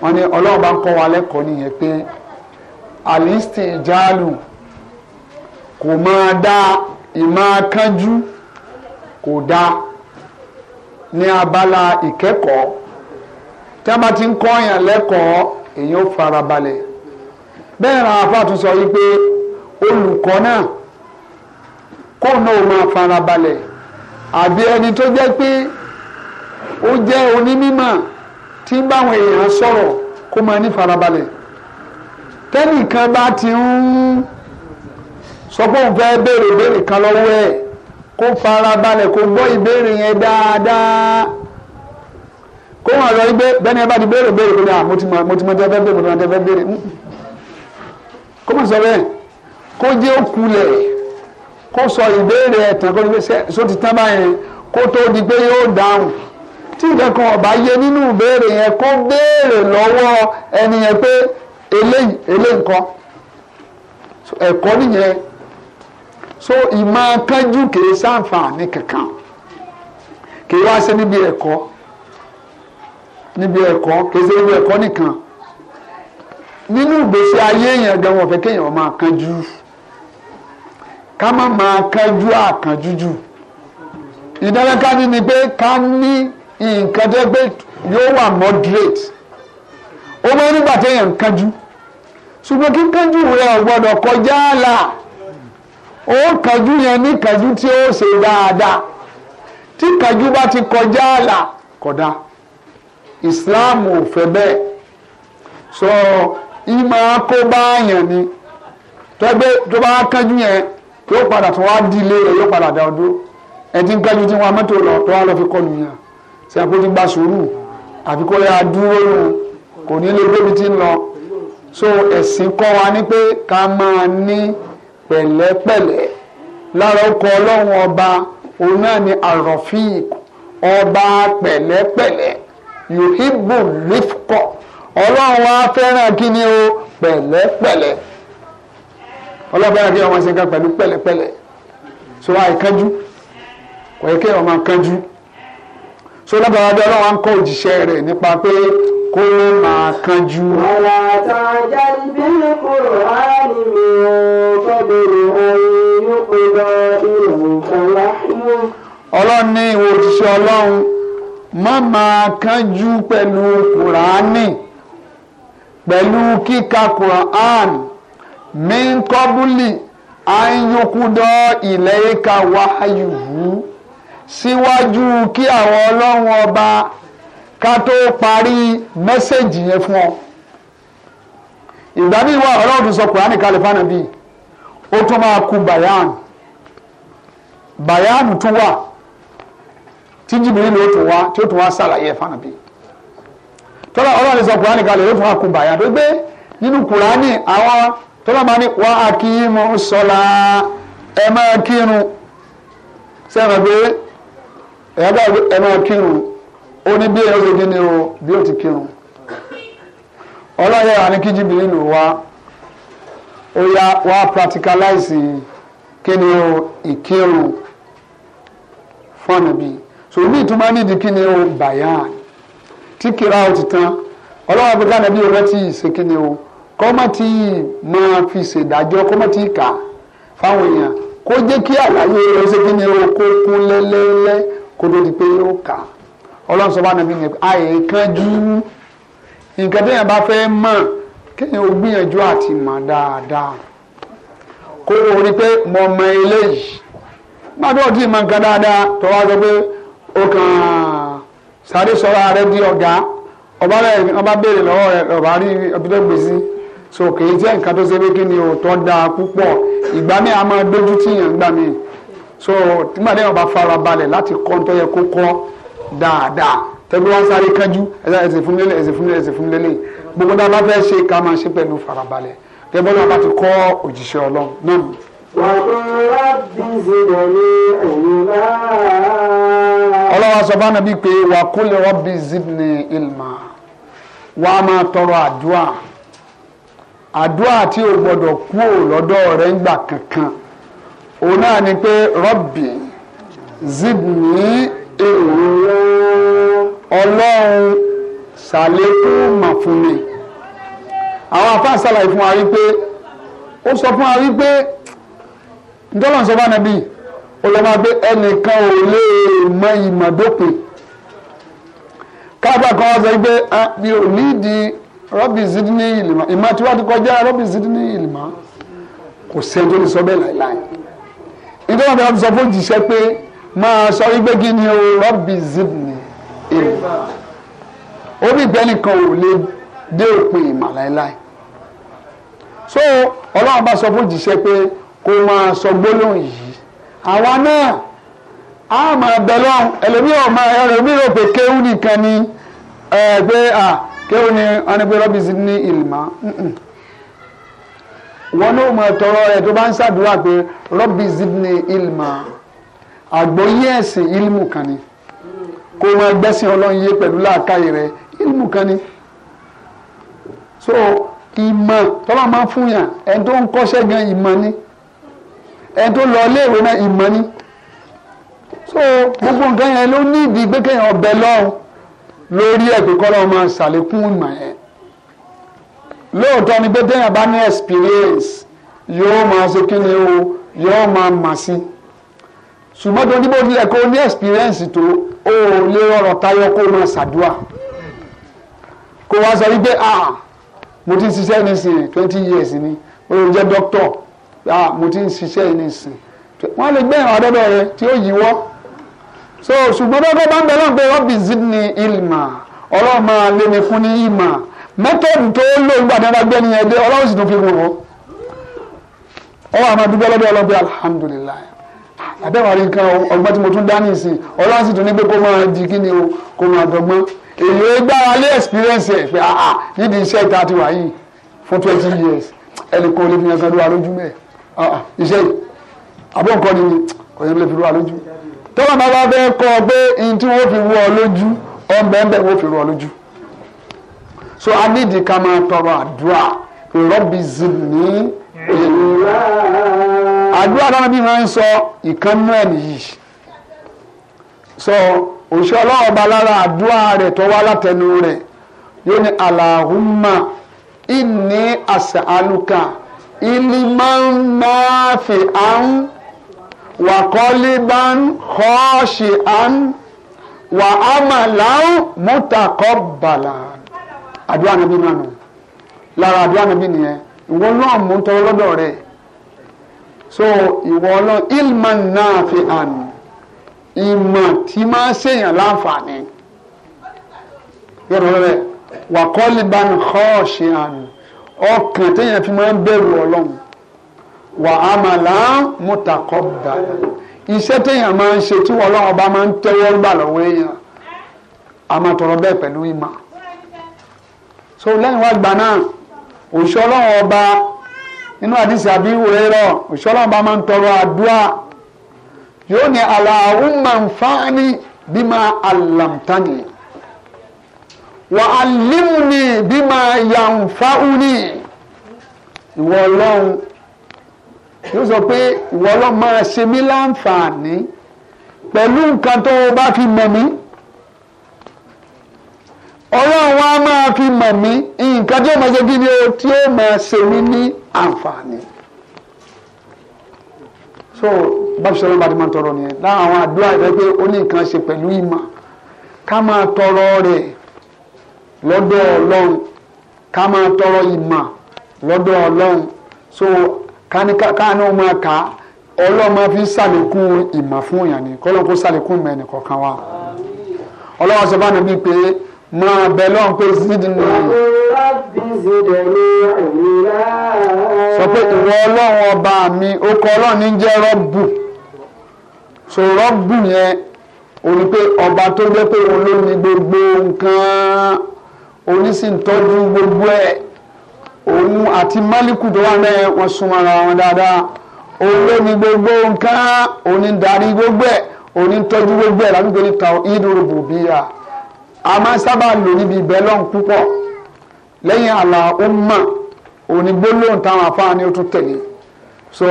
wọ́n ní ọlọ́run bá ń kọ́ wa lẹ́kọ̀ọ́ nìyẹn pé àlìsítì ìjálù kò máa dá ìmáa kánjú kò dá ní abala ìkẹ́kọ̀ọ́ tí a bá ti ń kọ́ yàn lẹ́kọ̀ọ́ èèyàn farabalẹ̀ bẹ́ẹ̀ ra afá tún sọ wípé olùkọ́ náà kó náà máa farabalẹ̀ àbí ẹni tó jẹ́ pé ó jẹ́ onímọ̀ tí báwọn èèyàn sọ̀rọ̀ kó máa ní farabalẹ̀ tẹ́nìkan bá ti ń sọ pé òun fẹ́ béèrè béèrè kan lọ́wọ́ ẹ̀ kó farabalẹ̀ kó gbọ́ ìbéèrè yẹn dáadáa kó wọn lọ gbé bẹ́ẹ̀ni ẹ bá ti béèrè béèrè kó ní à mo ti mo ti béèrè kó jẹ́ òkulẹ̀ kó sọ ìbéèrè ẹ̀tàn kó ní sọ ti tán báyẹn kó tó di pé yóò dáhùn tí nǹkan kan ọ̀bá yé nínú ìbéèrè yẹn kó béèrè lọ́wọ́ ẹni yẹn pé eléyìí eléyìí nǹkan ẹ̀kọ́ nìyẹn so ìmọ̀ kánjú kìí ṣàǹfààní kankan kìí wá sí níbi ẹ̀kọ́ níbi ẹ̀kọ́ kìí ṣe níbi ẹ̀kọ́ nìkan nínú ìgbésí ayé yẹn gan wọn fẹ́ kéèyàn máa kánjú ká má máa kánjú àkànjú jù ìdánilẹ́kájú ni pé ká ní nǹkan tó gbé yóò wà moderate ó máa nígbà téèyàn ń kánjú ṣùgbọ́n kí kánjú rẹ̀ gbọ́dọ̀ kọjá àlà ó kánjú yẹn ní kánjú tí ó ṣe dáadáa tí kánjú bá ti kọjá àlà kódà Islam ò fẹ́ bẹ́ẹ̀ sọ ìmọ̀ akóbáyàn ni tó bá kánjú yẹn tí ó padà tó wá di ilé rẹ̀ yóò padà dá ọ dúró ẹ̀ ti ń gbẹ́jú tí wọn mọ́tò lọ tó wá lọ fi kọlu yàn ṣe àpò gba sùúrù àfi kó yà á nù kò ní lè gbébi tí ń lọ so ẹ̀sìn kọ́ wa ní pé ká máa ní pẹ̀lẹ́pẹ̀lẹ́ lára ọkọ̀ ọlọ́run ọba òun náà ni àròfíìk ọba pẹ̀lẹ́pẹ̀lẹ́ yòóhìbù rìfkọ̀ ọlọ́run wa fẹ́ràn kí ni o pẹ̀lẹ́pẹ̀lẹ́ ọlọ́ba yà kí ọmọ ṣe nǹkan pẹ̀lú pẹ̀lẹ́pẹ̀lẹ́ so àìkánjú kò yẹ kí ọmọ kánjú so ọlọ́ba yà bí ọlọ́wà ń kọ́ òjíṣẹ́ rẹ̀ nípa pé kó máa kánjú. ọ̀la tàjà ìbílẹ̀ kúrò áàlì mi ò tọ́bìrì ẹ̀yìn yókù lọ ìrònkàn láhùn. ọlọ́run ní ìwọ òjíṣẹ́ ọlọ́run má máa kánjú pẹ̀lú kùránì pẹ̀lú kíka kùránì. minkọ́bùlì ayínkúdọ́ ilẹ̀ ìka wáyùú síwájú kí àwọn ọlọ́run ọba ká tó parí yẹn fún ọ. ìgbà míì wà ọlọ́run tó sọ kùránì kalẹ̀ fún tún máa ku bayan bayan tún wà tí jìbìrì ló tún wá tí ó tún wá sàlàyé fún ànábì tọ́lá sọ kùránì kalẹ̀ o tún máa ku bayan tó gbé tọ́lá wa akimu wá akíyímù sọ́la ẹ máa kírun sẹ́wọ̀n pé ẹ̀yà bá ẹ máa kírun ó ní bí ẹ̀yọ́ ṣe ní o bí ó ti kírun ọlọ́yẹ̀ àní kí jìbìrì lò wá ó yá wá practicalize kí ni o ìkírun fún ànábì sòwò ní ìtumọ̀ nídi kí ni o bàyàn tí kìlá o ti tán ọlọ́wọ́ abẹ́ká ànábì rẹ ti ṣe kí ni o kọ́mọ tí máa fi ṣèdájọ́ kọ́mọ tí kà fáwọn èèyàn kó jẹ́ kí àlàyé rẹ̀ ṣe kí ni o kó kún lẹ́lẹ́lẹ́ kó tó di pé yóò kà ọlọ́run sọ bá nàbí ni àìkánjú nǹkan téèyàn bá fẹ́ mọ̀ kéèyàn ó gbìyànjú àti mọ̀ dáadáa kó o rí pé mo mọ eléyìí gbàdúrà tí ì mọ nǹkan dáadáa tó wá sọ pé o kàn sáré sọ̀rọ̀ rẹ di ọ̀gá ọba béèrè lọ́wọ́ rẹ ọba rí ọbí tó gbèsè so kì í jẹ́ nǹkan tó ṣe pé kí ni o tọ́ da púpọ̀ ìgbà míì a máa dójú tìyàn gbà míì so nígbà tí wọn bá fara balẹ̀ láti kọ́ tó yẹ kó kọ́ dáadáa tẹ́gbẹ́ wọn sáré kájú ẹsẹ̀ fún lélẹ̀ ẹsẹ̀ fún lélẹ̀ ẹsẹ̀ fún lélẹ̀ gbogbo náà bá fẹ́ ṣe ká máa ṣe pẹ̀lú farabalẹ̀ tẹ́gbẹ́ náà bá ti kọ́ òjíṣẹ́ ọlọ́run náà. ọlọ́wọ́ sọ bá nàbí pé wàkúlẹ̀ rọ́bì zidni ilma wàá máa tọrọ àdúrà àdúrà tí o gbọ́dọ̀ kú ò lọ́dọ̀ rẹ̀ ńgbà kankan òun náà ni pé rọ́bì zidni èrò ọlọ́run ṣàlékún mà fún mi àwọn afáà ṣàlàyé fún wa wípé ó sọ fún wa wípé ntọ́lọ́n sọ fún anabi ó lọ́ máa gbé ẹnìkan ò lè mọ ìmọ̀dópin káàbà kan wá sọ wípé ah, mi ò ní ìdí rọ́bì zidni ìlìmọ̀ ìmọ̀ tí wàá ti kọjá rọ́bì zidni ìlìmọ̀ kò sẹ́ni tó lè sọ bẹ́ẹ̀ láìláì nítorí wọn bẹ̀rẹ̀ sọ fún òjìṣẹ́ pé máa sọ wípé kí ni o rọ́bì zidni ìlìmọ̀ orí ìgbẹ́nìkan ò lè dé òpin ìmọ̀ láìláì so ọlọ́run bá sọ fún òjìṣẹ́ pé kó máa sọ gbólóhùn yìí àwa náà a máa bẹ̀ lọ́hùn ẹlòmíràn ọmọ ẹlòmíràn òpè kéwù nìkan ni ẹ pé à kéwọn ni anigbèrọ́bì sí ní ìlmà wọn náà mọ̀ tọrọ rẹ̀ tó bá ń ṣàdúrà pé rọ́bì zidni ìlmà àgbọ́yé ẹ̀sìn ìlmù kan ni kó wọn gbẹ́sìn ọlọ́run yé pẹ̀lú làákàyè rẹ̀ ìlmù kan ni so ìmọ̀ tọ́lá máa ń fún yàn ẹni tó ń kọ́ṣẹ́ gan ìmọ̀ ni ẹni tó lọ iléèwé náà ìmọ̀ ni so gbogbo nǹkan yẹn ló ní ìdí gbé kéèyàn ọbẹ̀ lọ́rùn lórí ẹ̀ pé kọ́lọ́ máa ṣàlékún ìmọ̀ ẹ̀ lóòótọ́ ni pé téèyàn bá ní experience yóò máa ṣe kí ni o yóò máa mà sí ṣùgbọ́n tó ní bó tilẹ̀ kó ní experience tó o lè rọrọ̀ tayọ kó máa ṣàdúrà kó wá sọ wípé ah mo ti ń ṣiṣẹ́ nísìnyí twenty years ni o lè jẹ́ doctor ah mo ti ń ṣiṣẹ́ nísìnyí wọ́n lè gbẹ̀yìn àdọ́dọ̀ rẹ tí ó yíwọ́ so ṣùgbọ́n bá bá ń bẹ lọ́n pé rọ́bì zidni ilma ọlọ́run máa lé mi fún ní ilma mẹ́tọ́ọ̀dù tó lò ń gbàdá bá gbé nìyẹn dé ọlọ́run sì tún fi wọ́n ọwọ́ àmọ́ dúpẹ́ lọ́dọ̀ ọlọ́bẹ̀ alhamdulilayi àbẹ̀wò àrí nǹkan ọgbọ́n tí mo tún dá ní ìsìn ọlọ́run sì tún ní pé kó máa di kí ni o kó máa dọ́gbọ́n èyí ó gbára lé experience ẹ̀ pé àà ah, ah, nídìí iṣẹ́ ìta ti wà yìí fún twenty years ẹnì kan ò lè fi yankan lóra lójú mẹ́ẹ̀ ah, iṣẹ́ yìí àbọ̀ nǹkan ni kò yẹn lè fi lóra lójú mẹ́ẹ̀ tọ́wọ́ náà bá fẹ́ kọ́ ọ pé n tí wọ́n fi wú ọ lójú ọbẹ̀ ńbẹ̀ wọ́n fi rú ọ lójú. so a ní ìdí ká máa tọrọ àdúrà rọ́bì zìnnì ìlúra. àdúrà náà bí wọ́n ń sọ ìkànnú ẹ̀ nìyí. so òṣìṣẹ́ ọlọ́run ọba lára àdúrà rẹ̀ tó wá látẹnu rẹ̀ yóò ní àlàhùmà ìní àṣà àlùkà ìlímọ̀ náà fi àrùn wàkọ́líbán kọ́ọ̀ṣì án wà á mà láwù mútakọ́ bàlà. àdúrà nàbí nànú lára àdúrà nàbí nìyẹn ìwọ náà mú tọrọ lọ́dọ̀ rẹ̀ so ìwọ náà ilman náà fi hàn ìmọ̀ tí máa ṣèyàn láǹfààní yọ̀rọ̀ rẹ̀ wàkọ́líbán kọ́ọ̀ṣì án ọkàn téèyàn fi máa ń bẹ̀rù ọlọ́run wà á mà lá mùtàkọ́ bàlá iṣẹ́ téèyàn máa ń ṣe tí wọ́n lọ́wọ́ bá máa ń tẹ́wọ́ gbà lọ́wọ́ èèyàn a máa tọrọ bẹ́ẹ̀ pẹ̀lú ìmọ̀ so lẹ́yìn wá gbà náà òṣìṣẹ́ ọlọ́wọ́ ọba nínú àdìsí àbí ìwòrẹ́ rọ òṣìṣẹ́ ọlọ́wọ́ ọba máa ń tọrọ àdúrà yóò ní Allahumma nfa'ni bima allamtani wa allimni bima yanfa'uni ìwọ ọlọ́run yóò sọ pé ìwọ ló máa ṣe mí láǹfààní pẹ̀lú nǹkan tó o bá fi mọ̀ mí ọlọ́run wa máa fi mọ̀ mí nǹkan tí ó máa ṣe kí ni o tí ó máa ṣe mí ní àǹfààní so bábí sọlá bá ti máa tọrọ nìyẹn láwọn àwọn àdúrà rẹ pé ó ní nǹkan ṣe pẹ̀lú ìmọ̀ ká máa tọrọ rẹ̀ lọ́dọ̀ ọlọ́run ká máa tọrọ ìmọ̀ lọ́dọ̀ ọlọ́run so káàánú máa kà á ọlọ́run máa fi ń sàlékún ìmọ̀ fún èèyàn ni kọ́lọ́n kó sàlékún ìmọ̀ kọ̀ọ̀kan wa ọlọ́run sọ bá mi bíi pé máa bẹ lọ́run pé zidi nù. sọ pé ìwọ ọlọ́run ọba mi ó kọ ọlọ́run ní jẹ́ rọ́bù so rọ́bù yẹn òní pé ọba tó gbé pé òun ló ní gbogbo nǹkan onísìntọ́jú gbogbo ẹ̀ òun àti málíkù tó wà mẹ́rin wọ́n súnmọ́ ara wọn dáadáa òun ló ní gbogbo nǹkan òun ní darí gbogbo ẹ̀ òun ní tọ́jú gbogbo ẹ̀ ládùúgbò ní tàwọn ìdúróbù bíyà a máa ń sábà lò níbi ìbẹ́lọ́n púpọ̀ lẹ́yìn àlà umma òun ní gbólóhùn táwọn afáàní ó tún tẹ̀lé so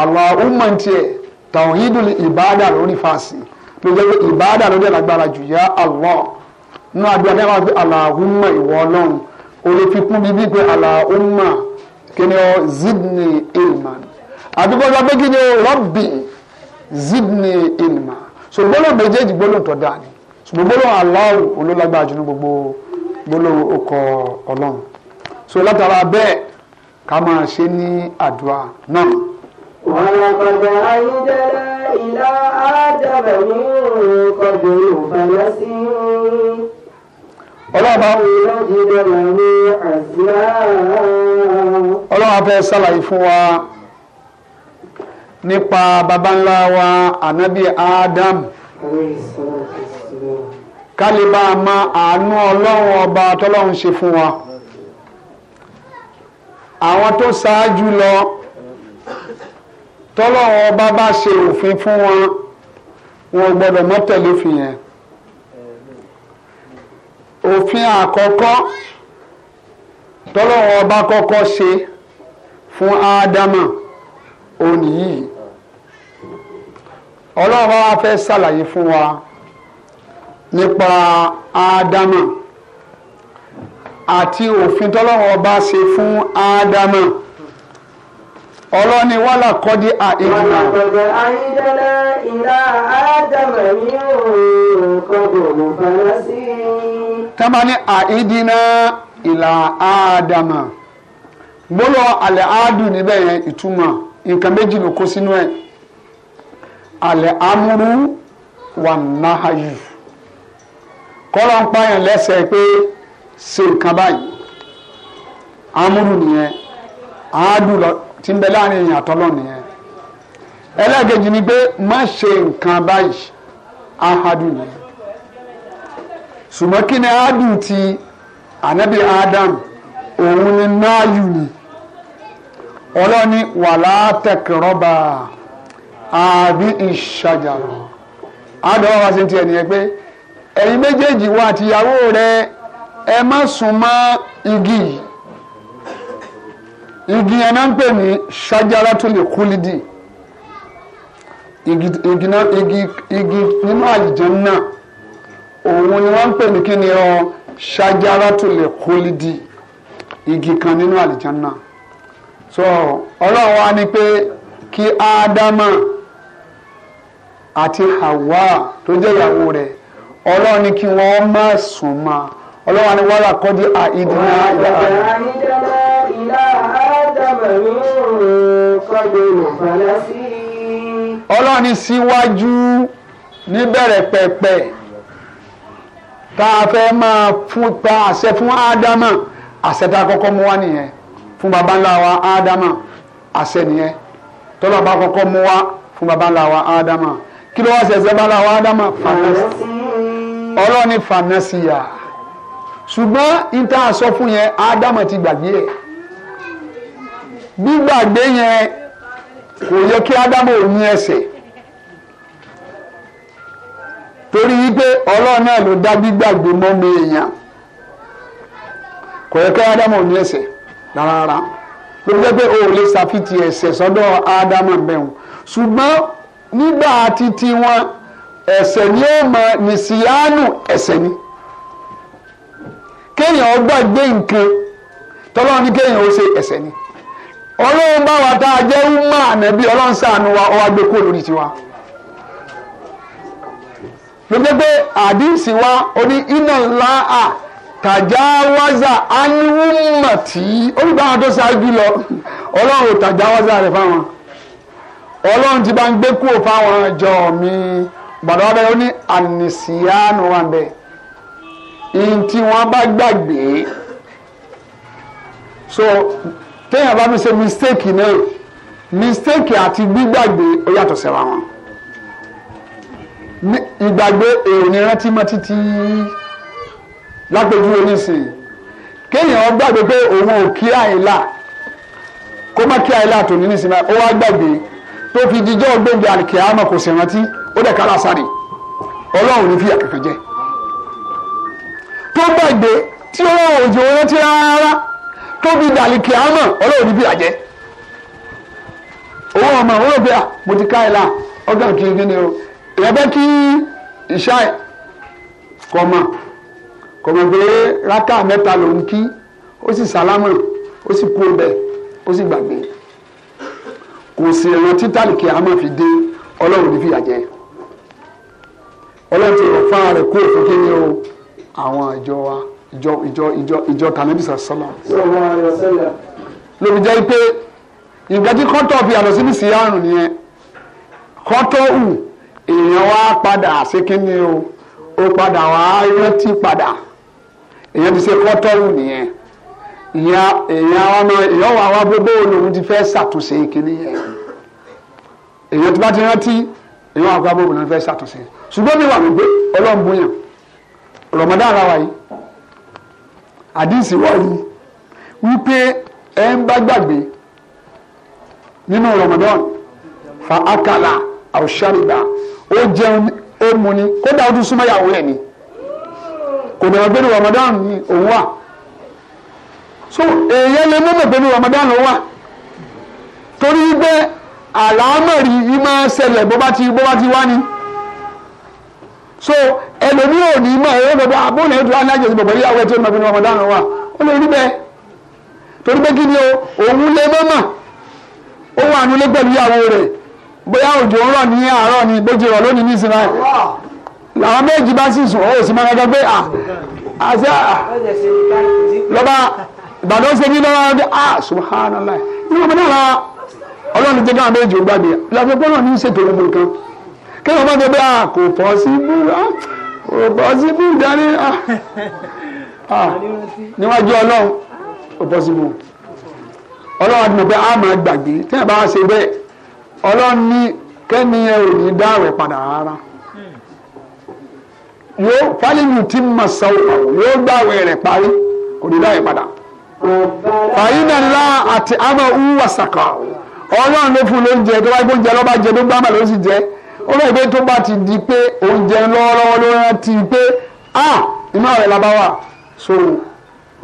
àlà umma tiẹ̀ tàwọn ìdúró ìbáàdà lórí fàásì ló jẹ́ pé ìbáàdà ló dẹ̀ lágbára jù yá Allah nínú àdúrà náà wà pé àlà umma ìwọ ọlọ́run olùfikún mi bíi pé umma kíni ọ zidni ilman àdúgbò ọjọ́ pé kíni ọ zidni ilma so gbólóhùn méjèèjì gbólóhùn tó dáa ni ṣùgbọ́n gbólóhùn Allahu olólágbára jù ní gbogbo gbólóhùn ọkọ̀ ọlọ́run so látara bẹ́ẹ̀ ká máa ṣe ní àdúrà náà. ولقد أنزلنا إلى آدم من قبل فنسي ọlọ́ọ̀bá ọlọ́wọ́ fẹ́ sàlàyé fún wa nípa baba ńlá wa ànábì Adam kálíbà ma àánú ọlọ́run ọba tọ́lọ́run ṣe fún wa àwọn tó ṣáájú lọ tọ́lọ́run ọba bá ṣe òfin fún wọn wọn gbọ́dọ̀ mọ́tẹ̀lé fi òfin àkọ́kọ́ tọ́lọ́wọ́ ọba kọ́kọ́ ṣe fún ádámà òní yìí ọlọ́run wa fẹ́ ṣàlàyé fún wa nípa ádámà àti òfin tọ́lọ́wọ́ ọba ṣe fún ádámà ọlọ́ni wà lákọ́dí àìlà. ọ̀nàkọ̀dọ̀ àìdẹ́lẹ̀ ìlà ádámà ní òun kọ́kọ́ òun fara sí i tẹ́lẹ̀ ní ila adama, ádámà gbọ́dọ̀ adu áádùn níbẹ̀ yẹn ìtumọ̀ nǹkan méjì ló kó sínú ẹ̀ e. àlẹ́ amúrú wà náhàyù kọ́lọ́ ń pààyàn lẹ́sẹ̀ pé ṣe nǹkan báyìí amúrú nìyẹn áádùn tí ń bẹ láàrin èèyàn àtọ́lọ́ nìyẹn ẹlẹ́gẹ̀jì ni pé má ṣe nǹkan báyìí áhádùn nìyẹn ṣùgbọ́n kí ni ti ànábì Adam òun ni náàyù ni ọlọ́ni wàlá tẹkẹrọba àbí ìṣàjàrò àdọ́wọ́ wa ṣe ti ẹ̀nìyẹn pé ẹ̀yin méjèèjì wa àtìyàwó rẹ ẹ má sùn igi yìí igi yẹn náà ń pè ní ṣájára tó lè kúlídì igi nínú àlìjẹ náà òun ni wọn pè ní kí ni ọ kólídì igi kan nínú àlìjánná so ọlọ́run wa ni pé kí ádámà àti hawa tó jẹ́ ìyàwó rẹ ọlọ́run ni kí wọn má sùn mọ́ ọlọ́run ni wọ́n rà kọ́ di àìdínà ìlà ọlọ́run ni síwájú tá a fẹ́ máa fún pa àṣẹ fún ádámà àṣẹ tá a kọ́kọ́ mú wá nìyẹn fún baba ńlá wa ádámà àṣẹ nìyẹn tọ́lá bá kọ́kọ́ mú wá fún baba ńlá wa ádámà kí ló wá ṣẹ̀ṣẹ̀ bá ńlá wa ádámà ọlọ́ọ̀ni fanasiya ṣùgbọ́n níta sọ fún yẹn ádámà ti gbàgbé ẹ̀ gbígbàgbé yẹn kò yẹ kí ádámà ò ní ẹ̀ṣẹ̀ torí wípé ọlọ́run náà ló dá gbígbàgbé mọ́mi èèyàn kò yẹ kí ádámù ní ẹ̀ṣẹ̀ rárá ló jẹ́ pé o ò lè ṣàfitì ẹ̀ṣẹ̀ sọ́dọ̀ ádámù bẹ́ẹ̀ ṣùgbọ́n nígbà títí wọn ẹ̀ṣẹ̀ ni ó mọ nìṣíyánù ẹ̀ṣẹ̀ ni kéèyàn ó gbàgbé nǹkan tọ́lọ́run ní kéèyàn ó ṣe ẹ̀ṣẹ̀ ni ọlọ́run bá wa tá a jẹ́ wúmọ̀ ànábì ọlọ́run ṣàánú wa ó wá gbé kúrò lórí tiwa lójú pé àdìsí wa oní iná ńlá à tàjáwáza ánúmọ̀tì olùgbà àwọn tó ṣáájú lọ ọlọ́run ò tàjáwáza rẹ̀ fáwọn ọlọ́run ti bá ń gbé kúrò fáwọn ọjọ́ mi gbàdúrà bẹ́ẹ̀ ó ní ànìsíyánu wa bẹ́ẹ̀ ihun tí wọ́n bá gbàgbé so téèyàn bá mi ṣe mistake náà mistake àti gbígbàgbé ó yàtọ̀ síra wọn ìgbàgbé èrò ni rántí mọ́ títí lápẹjú onísìn kéèyàn gbàgbé pé òun ò kí àìlà kó má kí àìlà tó ní nísìn ó wá gbàgbé tó fi dijọ́ gbòǹgbò àlìkè àmọ́ kò sì rántí ó dẹ̀ kára sáré ọlọ́run ní fìyà kankan jẹ tó gbàgbé tí ó òjò rántí rárá tó fi dàlìkè àmọ́ ọlọ́run ní fìyà jẹ owó ọmọ òun ò mo ti ká àìlà ọgbà kí ni o ìyẹn bẹ́ kí ìṣá kọ̀mọ̀ kọ̀mọ̀ pé rákà mẹ́ta ló ń kí ó sì sálámà ó sì kú ọbẹ̀ ó sì gbàgbé kò sí ẹ̀rọ títàlì kí a máa fi dé ọlọ́run ní fìyà jẹ ọlọ́run ti rọ̀ fáwọn rẹ̀ kú òfin kí ni o àwọn ìjọ wa ìjọ ìjọ ìjọ ìjọ tànàbísà sọlá. lóbi jẹ́ pé ìgbà tí kọ́tọ̀ fi àlọ́ síbi sí àrùn nìyẹn kọ́tọ̀ hù èèyàn wá padà sí kíni o ó padà wá rántí padà èèyàn ti ṣe kọ́tọ́rù nìyẹn ìyẹn èèyàn wa máa èèyàn wà wá gbogbo olóhùn ti fẹ́ ṣàtúnṣe kíni yẹn èèyàn ti bá ti rántí èèyàn wà gbogbo olóhùn fẹ́ ṣàtúnṣe ṣùgbọ́n mi wà wípé ọlọ́run bóyá rọ̀mọ́dá ara wa yìí àdìsí wà wípé ẹ ń bá gbàgbé nínú Ramadan fa akala àwòṣàrìgbà ó jẹun ó mu ni kódà ó tún súnmọ́ ìyàwó ẹ̀ ni kò dẹ̀rọ̀ pé ní Ramadan ni òun wà so èèyàn lè mọ̀ pé ní Ramadan ló wà torí pé àlámọ̀rí yìí máa ṣẹlẹ̀ bó bá ti bó bá ti wá ni so ẹlòmíì ò ní mọ̀ ẹ̀rọ gbogbo àbónà ètò alájẹ ìgbàgbọ́ ìyàwó ẹ̀ tó Ramadan wà ó lè rí bẹ́ẹ̀ torí pé kí ni o òun lè mọ̀ ó wà nílé pẹ̀lú ìyàwó rẹ̀ bóyá òjò ń rọ̀ ní àárọ̀ ni bójú rọ̀ lónìí nísìn náà làwọn méjì bá sì sùn ó sì máa gbàgbọ́ pé à àti à lọ́ba ìbàdàn ṣe ní lọ́wọ́ ọdún ah, à subhanallah ní wọn bá dára ọlọ́run jẹ́ káwọn méjì ó gbàgbé láti pé ọlọ́run ní ṣètò gbogbo nǹkan kí wọ́n bá dé pé à ah, kò pọ̀ sí búra kò pọ̀ sí búra ní à níwájú ọlọ́run kò pọ̀ sí búra ọlọ́run àti mọ̀ pé ah, a gbàgbé tí wọ́n bá ṣe bẹ́ẹ̀ ọlọ́run ní kẹ́niyàn ò ní dáwẹ̀ padà rárá yóò fálínù tí mà sáwọ́ yóò gbàwẹ̀ rẹ̀ parí kò ní dáwẹ̀ padà fàyín nàlá àti àmọ́ wúwàsàkà ọlọ́run ló fún lóúnjẹ tó bá gbóúnjẹ lọ́ba jẹ tó gbàmà ló sì jẹ ó lóye pé tó bá ti di pé oúnjẹ lọ́wọ́lọ́wọ́ ló rántí pé ah iná rẹ̀ la bá wà so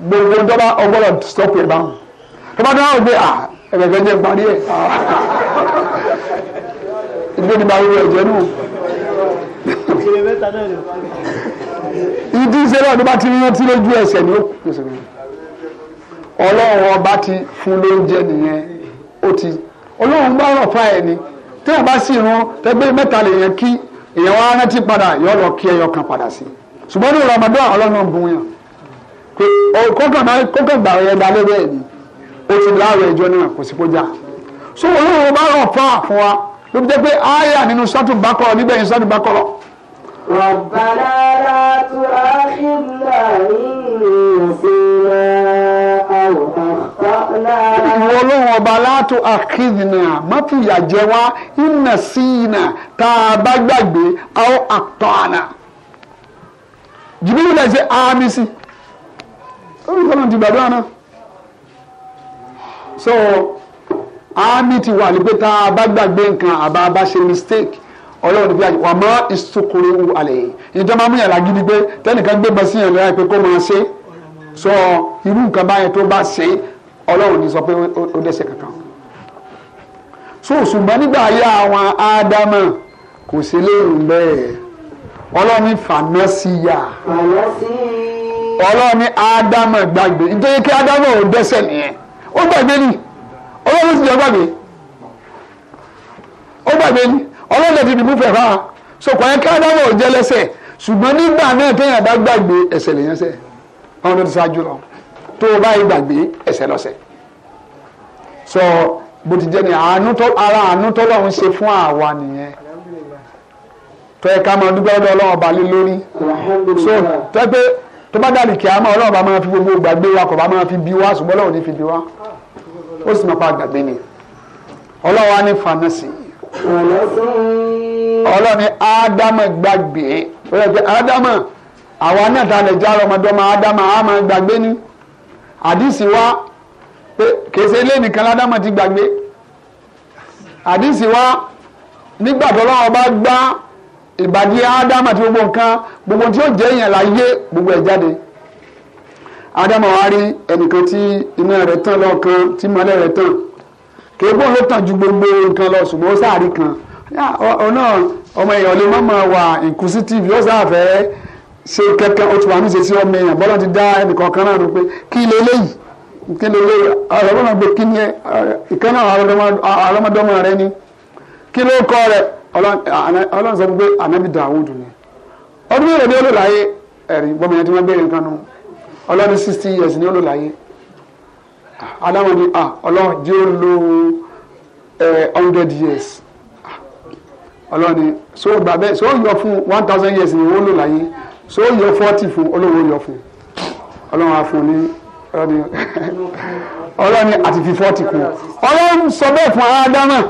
gbogbo dọ́ba ọgbọ́dọ̀ stop it báwọn tó bá dáwọ́ pé ah ẹgbẹgbẹ jẹ parí ẹ ìdí ni báwo ẹ̀jẹ̀ nù. ìdí ìṣẹ̀lẹ̀ ọdún bá ti rántí lójú ẹsẹ̀ ni ó Ọlọ́run ọba ti fún lóúnjẹ nìyẹn ó ti Ọlọ́run bá rọ fáyẹ ni tẹ ẹ bá sì rán tẹgbẹ mẹ́ta lè yẹn kí èèyàn wá rántí padà yọ lọ kí ẹyọ kan padà sí ṣùgbọ́n ní Ramadan Ọlọ́run bùn yàn kókàn gbà yẹn dalé bẹ́ẹ̀ ni. O ti láàrọ̀ ẹjọ́ náà kò sí kójà so olóòwò bá rọ̀ fà fún wa ló fi jẹ́ pé àyà nínú sátú bákọ̀rọ̀ níbẹ̀ yẹn sátú bákọ̀rọ̀. Rabbana la tu'akhidhna in nasina aw akhta'na. ìwọ olóhùn ọba la tu'akhidhna má jẹ wá in nasina tá a bá gbàgbé aw akhta'na. jìbìlì lè ṣe àmì sí. ó ń sọ̀rọ̀ ti gbàdúrà náà so àmì ti wà ní pé tá a bá gbàgbé nǹkan àbá a bá ṣe mistake ọlọ́run ní bí wàá wà mọ́ ìsokòrò ewu àlẹ́ yìí ìjọba máa mú yàrá gidi pé tẹ́nìkan gbé bọ́ sí yàrá láì pé kó máa ṣe So, irú nǹkan báyẹn tó bá ṣe ọlọ́run ní sọ pé ó dẹ́ṣẹ̀ kankan. so ṣùgbọ́n nígbà ayé àwọn ádámà kò sí léèrè bẹ́ẹ̀ ọlọ́run ní fànásíyà ọlọ́run ní ádámà gbàgbé nítorí kí ádámà ò dẹ́ṣẹ̀ nìyẹn ó gbàgbé ni ọlọ́run sì jẹ́ gbàgbé ó gbàgbé ni ọlọ́run ti dìbò fẹ̀fà sọkọ̀ yẹn káàdámọ̀ jẹ́ lẹ́sẹ̀ ṣùgbọ́n nígbà náà téèyàn bá gbàgbé ẹ̀ṣẹ̀ lèyàn ṣẹ̀ àwọn tó ti ṣáájú lọ tó o bá yìí gbàgbé ẹ̀ṣẹ̀ lọ́sẹ̀ sọ bó ti jẹ́ ni ara àánú tọ́lọ́run ṣe fún àwa nìyẹn tọ́ ẹ ká máa dúpẹ́ lọ́dọ̀ ọlọ́run ọba lé lórí so pé tó bá dàlí kí a máa ọlọ́run bá fi gbogbo gbàgbé wa kò bá máa fi bí wa ṣùgbọ́n ọlọ́run ní fi bí wa ó sì máa pa gbàgbé ni ọlọ́run á ní fanasi ọlọ́run ní ádámà gbàgbé ọlọ́run pé ádámà àwa náà ta lè já ọmọdé ọmọ ádámà á máa gbàgbé ni àdìsí wa pé kèsè ilé nìkan ládámà ti gbàgbé àdìsí wa nígbà tó lọ́wọ́ bá gbá ìbàdí ádámù àti gbogbo nǹkan gbogbo tí ó jẹ́ èèyàn láyé gbogbo ẹ̀ jáde ádámù wa rí ẹnìkan tí iná rẹ̀ tàn lọ́ọ̀kan tí mọ́lẹ̀ rẹ̀ tàn kéèbó ló tàn ju gbogbo nǹkan lọ ṣùgbọ́n ó sáàrí kan ọ̀nà ọmọ èèyàn lè má máa wà inquisitive yóò sáàfẹ́ ṣe kẹ́kẹ́ ó ti wà níṣe sí ọmọ èèyàn bọ́lá ti dá ẹnìkan kan náà pé kí ilé eléyìí kí ilé eléyìí ọ̀rọ̀ bọ́lá gbé kí ni ìkànnà àrọ́mọdọ́mọ rẹ ni kí ló kọ́ rẹ̀ ọlọ́run sọ pé anabi Dawud ni ọdún mẹ́rin ni ó lò láyé ẹ̀rí gbọ́mọ yẹn tí wọ́n béèrè nǹkan nu ọlọ́run sixty years ni ó lò láyé adáwọn ni ọlọ́run jẹ́ ó lo hundred years ọlọ́run ni so gbà bẹ́ẹ̀ so yọ fún one thousand years ni ó so yọ forty fún olówó yọ fún ọlọ́run á fún ọlọ́run ni àti fi forty kù ọlọ́run sọ bẹ́ẹ̀ fún adámọ̀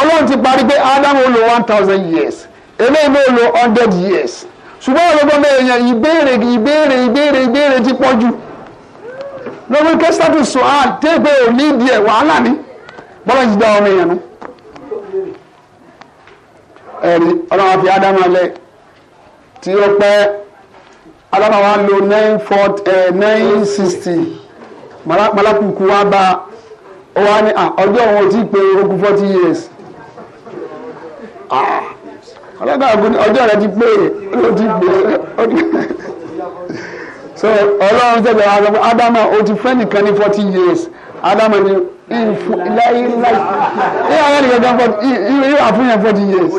ọlọ́run ti parí pé ádámù ó lo one thousand years eléyìí ló lo hundred years ṣùgbọ́n ọlọ́gbọ́n bẹ́ẹ̀ yẹn ìbéèrè ìbéèrè ìbéèrè ìbéèrè ti pọ̀ jù lórí kẹ́sítàtù sọ̀hán téèpé ò ní ìdí ẹ̀ wàhálà ni bọ́lá ti dá ọmọ yẹn nu. ẹ̀rí ọlọ́run àfi ádámù alẹ́ tí ó pẹ́ ádámù wa lo nine forty eh, nine sixty malakuku wa ba ọ wa ni ọjọ́ òun ò tí ì pé ogún forty years. Ah. ọlọ́dà ọjọ́ rẹ ti pé ó ti gbé so ọlọ́run tẹ̀lé wa sọ o ti fẹ́ nìkan ní forty years adama ni láyé láyé ní àwọn ènìyàn kan yóò wà fún forty years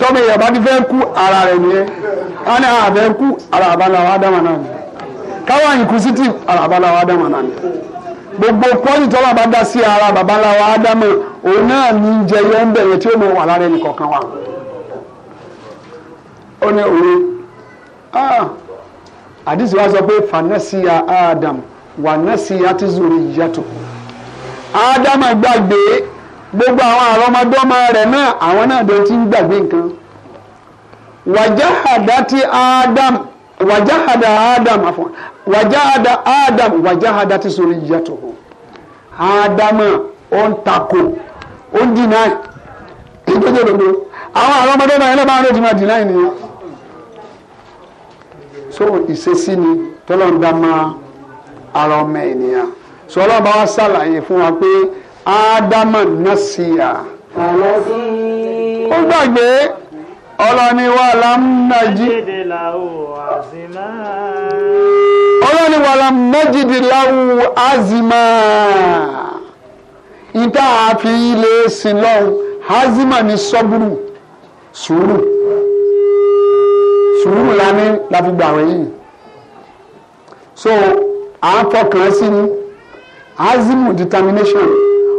tọ́mọ èèyàn bá ti fẹ́ kú ara rẹ̀ nìyẹn ká ní àbẹ̀ kú ara àbálá adama náà ni káwọn Adama ara gbogbo pọ́lì tọ́lá bá dá sí ara babaláwa ádámù òun náà ní jẹyọ ń bẹ̀rẹ̀ tí ó mọ wà lára ẹnì kọ̀ọ̀kan wa. ó ní òun ah, àdìsí wa sọ pé fanasiya adam wanasiya ti zòrò ìyàtọ̀ ádámù gbàgbé gbogbo àwọn àrọmọdọ́mọ rẹ̀ náà àwọn náà dẹ̀ ti ń gbàgbé nǹkan wàjáhàdá ti adam wàjáhàdá adam wàjáhada ádámù wàjáhada ti sori yíyàtọ̀ ádámà ó ń takò ó ń dinai. ìdójú òdodo àwọn àwọn ọmọdé náà ẹlẹ́bàá ló ti máa dìnnáì nìyẹn so ìṣesí ni tọ́lọ́ndà máa ara ọmọ ènìyàn so ọlọ́ba wa ṣàlàyé fún wa pé ádámà náà ó gbàgbé ọlọ́ni wà lámúnájí. ọlọ́ni wà lámúnájídìláwù azima. ìta àfi ilé sin lọ́wọ́ azima ni sọ́búrù sùúrù sùúrù lání láti gbà wẹ̀yìn. so àá fọkàn sí ni azimu determination.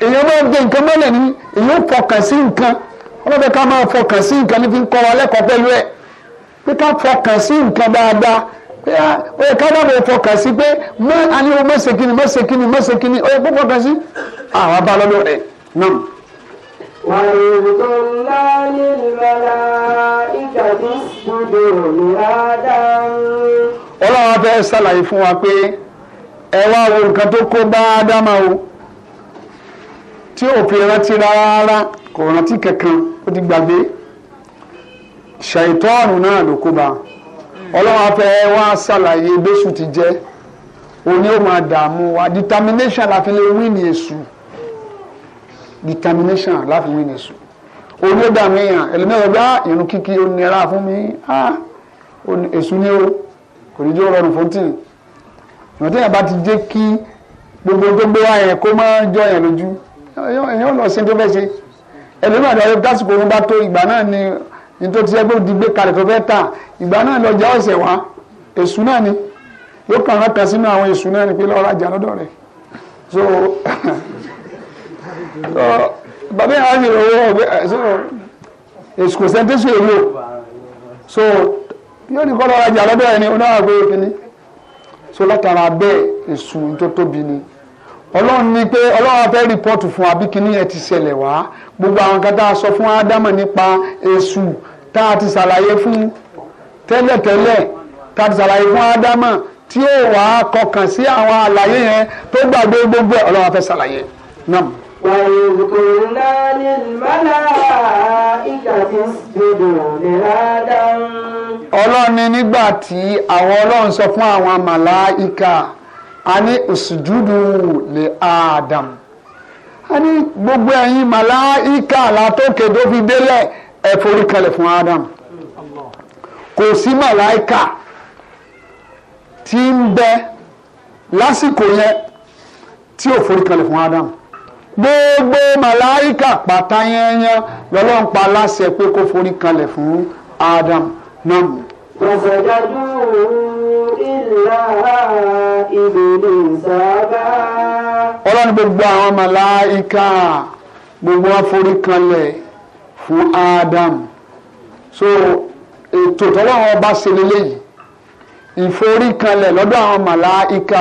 èèyàn máa gbé nǹkan mọ́lẹ̀ ní èèyàn fọkàn sí nǹkan ọlọ́dẹ ká máa fọkàn sí nǹkan níbi kọ́ wa lẹ́kọ̀ọ́ pẹ̀lú ẹ̀ pé ká fọkàn sí nǹkan dáadáa pé ó yẹ ká má lè fọkàn sí pé mọ́ aníwò má ṣe kíni má ṣe kíni má ṣe kíni ó yẹ kó fọkàn sí àwọn abalọ́lọ́ rẹ̀ náà. وإذ قلنا للملائكة اسجدوا لآدم. ọlọ́run fẹ́ ṣàlàyé fún wa pé ẹ wá wo nǹkan tó kó bá ádámà o tí ò fi rántí rárá kò rántí kankan ó ti gbàgbé ṣàìtọ́ọ̀nù náà ló kó ba ọlọ́run afẹ́ wá ṣàlàyé bẹ́sù ti jẹ́ òní ó máa dààmú wa determination láfi lè wí ní èṣù determination láfi win ní èṣù òní ó dààmú èèyàn ẹlẹ́mẹ̀rẹ̀ bá irun kíkí ó nira fún mi ah, èṣù ni ó kò ní jẹ́ rọrùn fún tì ìrántí yẹn bá ti jẹ́ kí gbogbo gbogbo ayẹyẹ kó máa jọ yẹn lójú èèyàn lọ sí tó fẹ́ ṣe ẹlòmíràn àti ọyọ gásìkò òun bá tó ìgbà náà ni nítorí tí ẹgbẹ́ òdi gbé kalẹ̀ tó fẹ́ tà ìgbà náà lọ já ọ̀sẹ̀ wá èṣù náà ni yóò kàn án kan sínú àwọn èṣù náà ni pé lọ́ọ́ rajà lọ́dọ̀ rẹ̀ so bàbá yàrá mi rò wọ́n ọ̀gbẹ́ èṣù kò sẹ́ńtẹ́sì èlò so yóò ní kọ́ lọ́ọ́ rajà lọ́dọ̀ rẹ̀ ni onáwà gbé kínní so látara bẹ́ẹ̀ èṣù tó tóbi ni ọlọ́run ní pé ọlọ́run fẹ́ rìpọ́ọ̀tù fún wa bí kinní yẹn ti ṣẹlẹ̀ wá gbogbo àwọn kan tá a sọ fún ádámọ̀ nípa èṣù tá a ti ṣàlàyé fún tẹ́lẹ̀tẹ́lẹ̀ tá a ti ṣàlàyé fún ádámọ̀ tí ó wà á kọkàn sí àwọn àlàyé yẹn tó gbàgbé gbogbo ẹ̀ ọlọ́run fẹ́ ṣàlàyé náà. وإذ قلنا للملائكة اسجدوا لآدم. ọlọ́run nígbà tí àwọn ọlọ́run sọ fún àwọn màláìka a ní ìsùjúdù lè Adam a ní gbogbo ẹ̀yin malaika látòkè tó fi délẹ̀ ẹ forí kalẹ̀ fún Adam kò sí màláìka tí ń bẹ lásìkò yẹn tí ò forí kalẹ̀ fún Adam gbogbo màláìka pàtàyẹnyẹn lọ́lọ́run pa láṣẹ pé kó forí kalẹ̀ Adam náà. فسجدوا إلا إبليس أبى ọlọ́run gbogbo àwọn màláìka gbogbo wọn forí Adam so ètò tọ́lọ́run ọba ṣe lélẹ́yìí ìforíkanlẹ̀ lọ́dọ̀ àwọn màláìka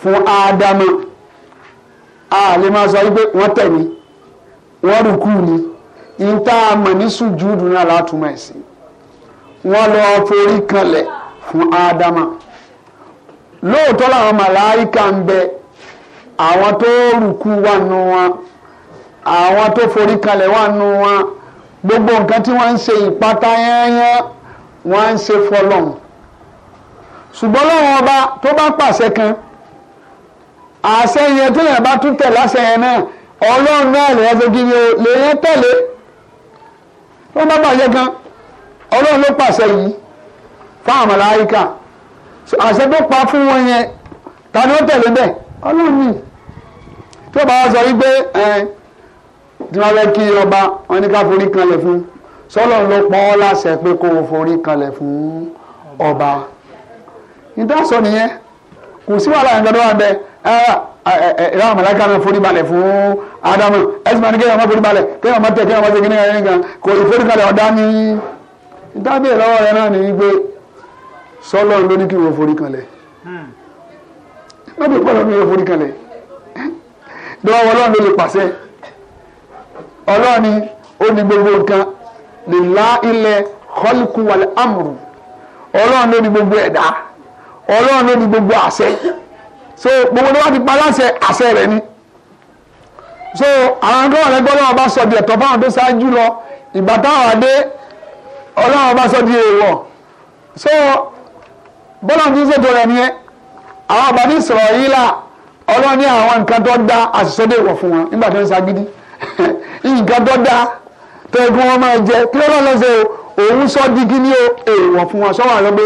fún Ádámù a lè máa sọ wípé wọ́n tẹ̀ mí wọ́n rúkú ni ìta àmọ̀ ní sùjúdù náà látúmọ̀ ẹ̀sìn wọ́n lọ forí kanlẹ̀ fún ádámà lóòótọ́ làwọn màláìka ń bẹ àwọn tó rùkú wà nù wọn àwọn tó forí kanlẹ̀ wà nù wọn gbogbo nǹkan tí wọ́n ń ṣe ìpátá yẹ́nyẹ́n wọ́n ń ṣe fọlọ́hún ṣùgbọ́n lọ́wọ́ ọba tó bá pàṣẹ kan àṣẹ yẹn tó yẹn bá tún tẹ̀ láṣẹ yẹn náà ọlọ́run náà lè yẹn lè yẹn tẹ̀lé tó bá bàjẹ́ kan ọlọ́run ló pàṣẹ yìí fáwọn màláíkà àṣẹ tó pa fún wọn yẹn ta ni ó tẹ̀lé bẹ́ẹ̀ ọlọ́run ni tí ó bá wá sọ wípé ẹ tí wọ́n fẹ́ kí ọba wọn ní ká forí kanlẹ̀ fún sọlọ́run ló pọ́n ọ́ láṣẹ pé kó o forí kanlẹ̀ fún ọba ìdásọ nìyẹn kò sí wàhálà yẹn gbọdọ̀ wà bẹ́ẹ̀ ìlànà mọ̀láìka náà forí balẹ̀ fún Ádámù ẹ̀sìn máa ní kéèyàn má forí balẹ̀ kéèyàn má tẹ̀ kéèyàn má tẹ̀ kéèyàn má tẹ̀ kò ìforíkalẹ̀ ọ̀dá ní dábìlì lọ́wọ́ rẹ náà ní wípé sọ́lọ́ ló ní kí wọ́n forí kanlẹ̀ lọ́bì pọ̀ lọ́bì wọ́n forí kanlẹ̀ lọ́wọ́ ọlọ́run ló lè pàṣẹ ọlọ́run ni ó ní gbogbo nǹkan lè la ilẹ̀ kọ́líkù wàlẹ̀ amúrù ọlọ́run ló ní gbogbo ẹ̀dá ọlọ́run ló ní gbogbo àṣẹ so gbogbo ni wọ́n ti pa àṣẹ rẹ̀ ni so àwọn akẹ́wọ̀n rẹ gbọ́dọ̀ wọn bá sọ di ẹ̀tọ́ fáwọn tó ṣáájú lọ ìgbà táwọn adé ọlọ́run bá sọ di èèwọ̀ so bọ́lá ti ń ṣètò rẹ̀ nìyẹn àwọn àbáni sọ̀rọ̀ yìí là ọlọ́run ní àwọn nǹkan tó dá àṣìṣe dé ìwọ̀ fún wọn nígbà tó ń ṣagídí nǹkan tó dá tẹ̀gùn wọn máa jẹ kí lọ́lọ́ lọ́sẹ̀ o òun sọ di kí ni o èèwọ̀ fún wọn sọ́wọ́n àlọ́ pé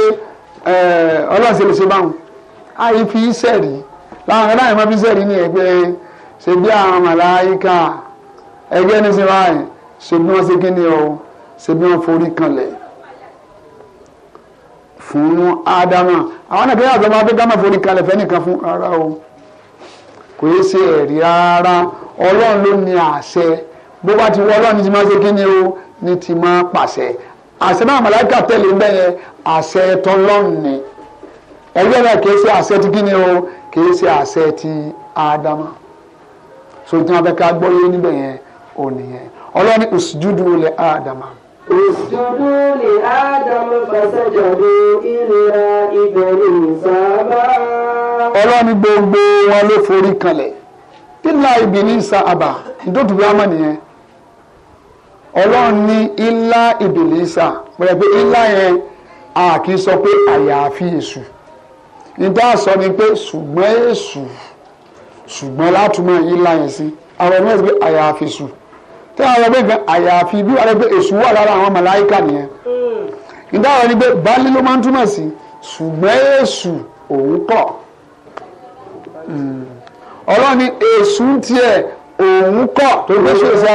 ọlọ́run ṣe lè ṣe báwọn àyè fi sẹ́ẹ̀rì láwọn ọ̀rẹ́ náà máa fi sẹ́ẹ̀rì ní ẹgbẹ́ ṣe bí àwọn màláyíkà ẹgbẹ́ ní sinmi ṣùgbọ́n ṣe kí ni o ṣe bí wọ́n forí kanlẹ̀ fún ádámà àwọn nàkẹ́ yàtọ̀ máa fi gámà forí kanlẹ̀ fẹ́nìkan fún rárá o kò yé ṣe ẹ̀rí rárá ọlọ́run ló ní àṣẹ bó bá ti wọ ọlọ́run ní ti máa ṣe kí ni o ní ti máa pàṣẹ àṣẹ náà màláìka tẹ̀lé ń bẹ́yẹn àṣẹ tọlọ́run ni ẹgbẹ́ náà kì í ṣe àṣẹ ti kí ni o kì í ṣe àṣẹ ti ádámà so tí wọn fẹ́ ká gbọ́ yé níbẹ̀ yẹn ò nìyẹn ọlọ́run ní usjudu li ádámà. اسجدوا لآدم فسجدوا إلا إبليس أبى. ọlọ́ni gbogbo wọn ló forí kalẹ̀ ilà ìbìlísà àbà ìdótùbí àmọ́ nìyẹn ọlọ́run ní ilà ìbìlísà pẹ̀lú pé ilà yẹn a kì í sọ pé àyàfi èṣù nígbà sọ ni pé ṣùgbọ́n èṣù ṣùgbọ́n látúmọ̀ ilà yẹn sí àwọn ẹ̀mí ẹ̀ sọ pé àyàfi èṣù tí àwọn ọgbẹ́ nǹkan àyàfi bí wàá rẹ pé èṣù wà lára àwọn màláìkà nìyẹn ìdáhùn hmm. ni pé baálé ló máa ń túmọ̀ sí ṣùgbọ́n èṣù òun kọ̀ hmm. ọlọ́run ni èṣù tiẹ̀ òun kọ̀ tó gbé ṣe sọ.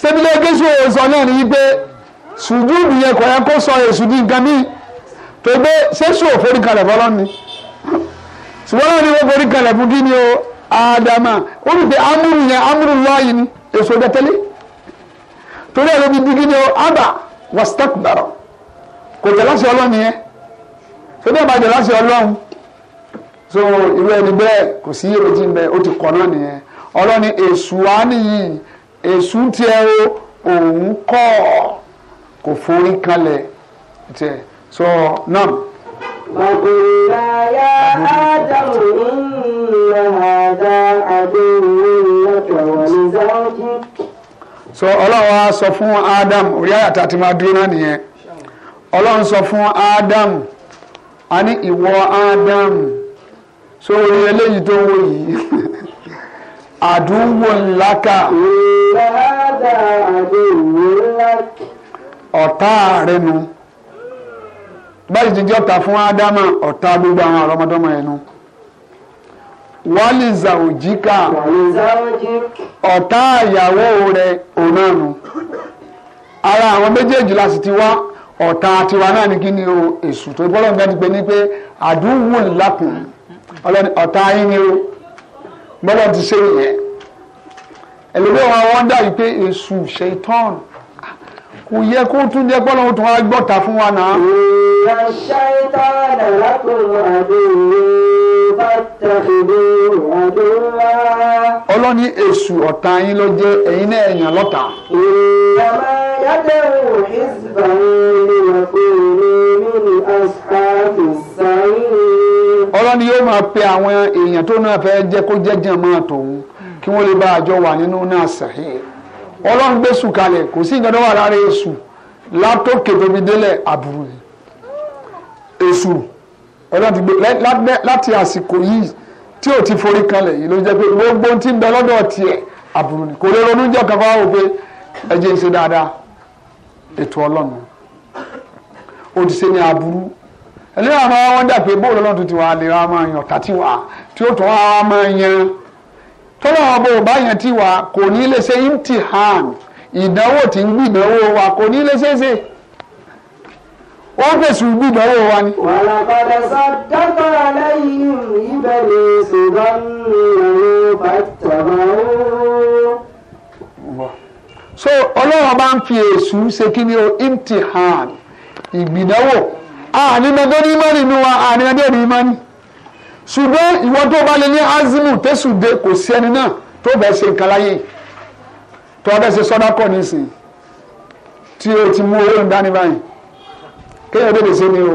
sẹ́bílẹ̀ gẹ́sù òòsàn náà ni wípé sùjúùdù yẹn kọ̀ yẹn kó sọ èṣù ní nǹkan míì tó gbé ṣéṣù òforí kalẹ̀ fọlọ́ni ṣùgbọ́n náà ni wọ́n forí kalẹ̀ fún kí ni o ádámà ó rí i pé amúrù yẹn amúrù lọ́ọ̀yì ni èso dẹ́tẹ́lẹ́ torí ẹ̀rọ bíi dígí ni ó ábà wàsítẹ́kù bàrọ̀ kò tẹ̀ láṣẹ ọlọ́run yẹn tó bẹ́ẹ̀ bá so irú ẹni bẹ́ẹ̀ kò sí èrèjì ń bẹ ó ti kọ̀ náà nìyẹn ọlọ́ni èṣù á nìyí èṣù tiẹ̀ o òun kọ́ kò forí kalẹ̀ so náà. فقلنا يا آدم إن هذا عدو لك ولزوجك so ọlọ́run á sọ fún Adam orí àyàtà tí máa dúró náà nìyẹn ọlọ́run sọ fún Adam a ní ìwọ Adam so orí eléyìí tó wọ yìí àdúgbò ńláka ọ̀tá rẹ nu báyìí ti jọ́ta fún ádámà ọ̀tá gbogbo àwọn àrọ́mọdọ́mọ ẹnu wálì zàwòjíkà ọ̀tá ìyàwó rẹ òun náà nu ara àwọn méjèèjì la sì ti wá ọ̀tá tiwa náà ni kí ni o èṣù tó gbọ́dọ̀ nígbà tí pé ní pé àdúgbò lápùn ọlọ́ni ọ̀tá yín ni o gbọ́dọ̀ ti ṣe yẹn ẹlòmíràn wọn dà yìí pé èṣù ṣe tán kò yẹ kó tún jẹ́ pé ọlọ́run tún wá gbọ́ta fún wa náà. ìyá ṣáìtà làlákùnrin àdéhùn bá tẹ̀lé àdéhùn wá. ọlọ́ni èṣù ọ̀tá yín ló jẹ́ ẹ̀yin náà ẹ̀yàn lọ́ta. ìyá yàtẹ̀wò ìsìnkà ni wọ́n pè ní mímí aṣáájú sáyìn. ọlọ́ni yóò máa pe àwọn èèyàn tó náà fẹ́ jẹ́ kó jẹ́ jẹ́ máa tòun kí wọ́n lè bá àjọ wà nínú náà sàhìn. ọlọ́run gbé sùn kalẹ̀ kò sí nǹkan tó wà lára èṣù látòkè tóbi délẹ̀ àbúrò ni èṣù láti àsìkò yìí tí ò ti forí kalẹ̀ yìí jẹ́ pé gbogbo tí ń bẹ lọ́dọ̀ tiẹ̀ àbúrò ni kò lè ronú jẹ́ kankan wò pé ṣe dáadáa ètò ọlọ́run ó ti ṣe ní ẹlẹ́yìn àwọn ọmọ wọn dà pé bóòlù ọlọ́run ti wà lè máa yàn tọ́lọ́ ọba ò bá yẹn ti wà kò ní lè ṣe imtihan ìdánwò tí ń gbìdánwò wa kò ní lè ṣe é ṣe wọ́n fèsì wa ni. wàlàkàdà sàdákà lẹ́yìn ìbẹ̀rẹ̀ ṣùgbọ́n ìrìn bàtàbà ó. so ọlọ́run bá ń fi èṣù ṣe kí ni o imtihan ìgbìdánwò àní mẹjọ ní mọ́rin nu wa àní mẹjọ ní mọ́rin ṣùgbọ́n ìwọ tó bá lè ní azimu tẹ̀sùdé kò sí ẹni náà tó bẹ̀ ṣe nǹkan láyé tó bẹ̀ ṣe sọ́dá kọ̀ nísìn tí o ti mú owó ìdání báyìí kéèyàn bèbè ṣe ni o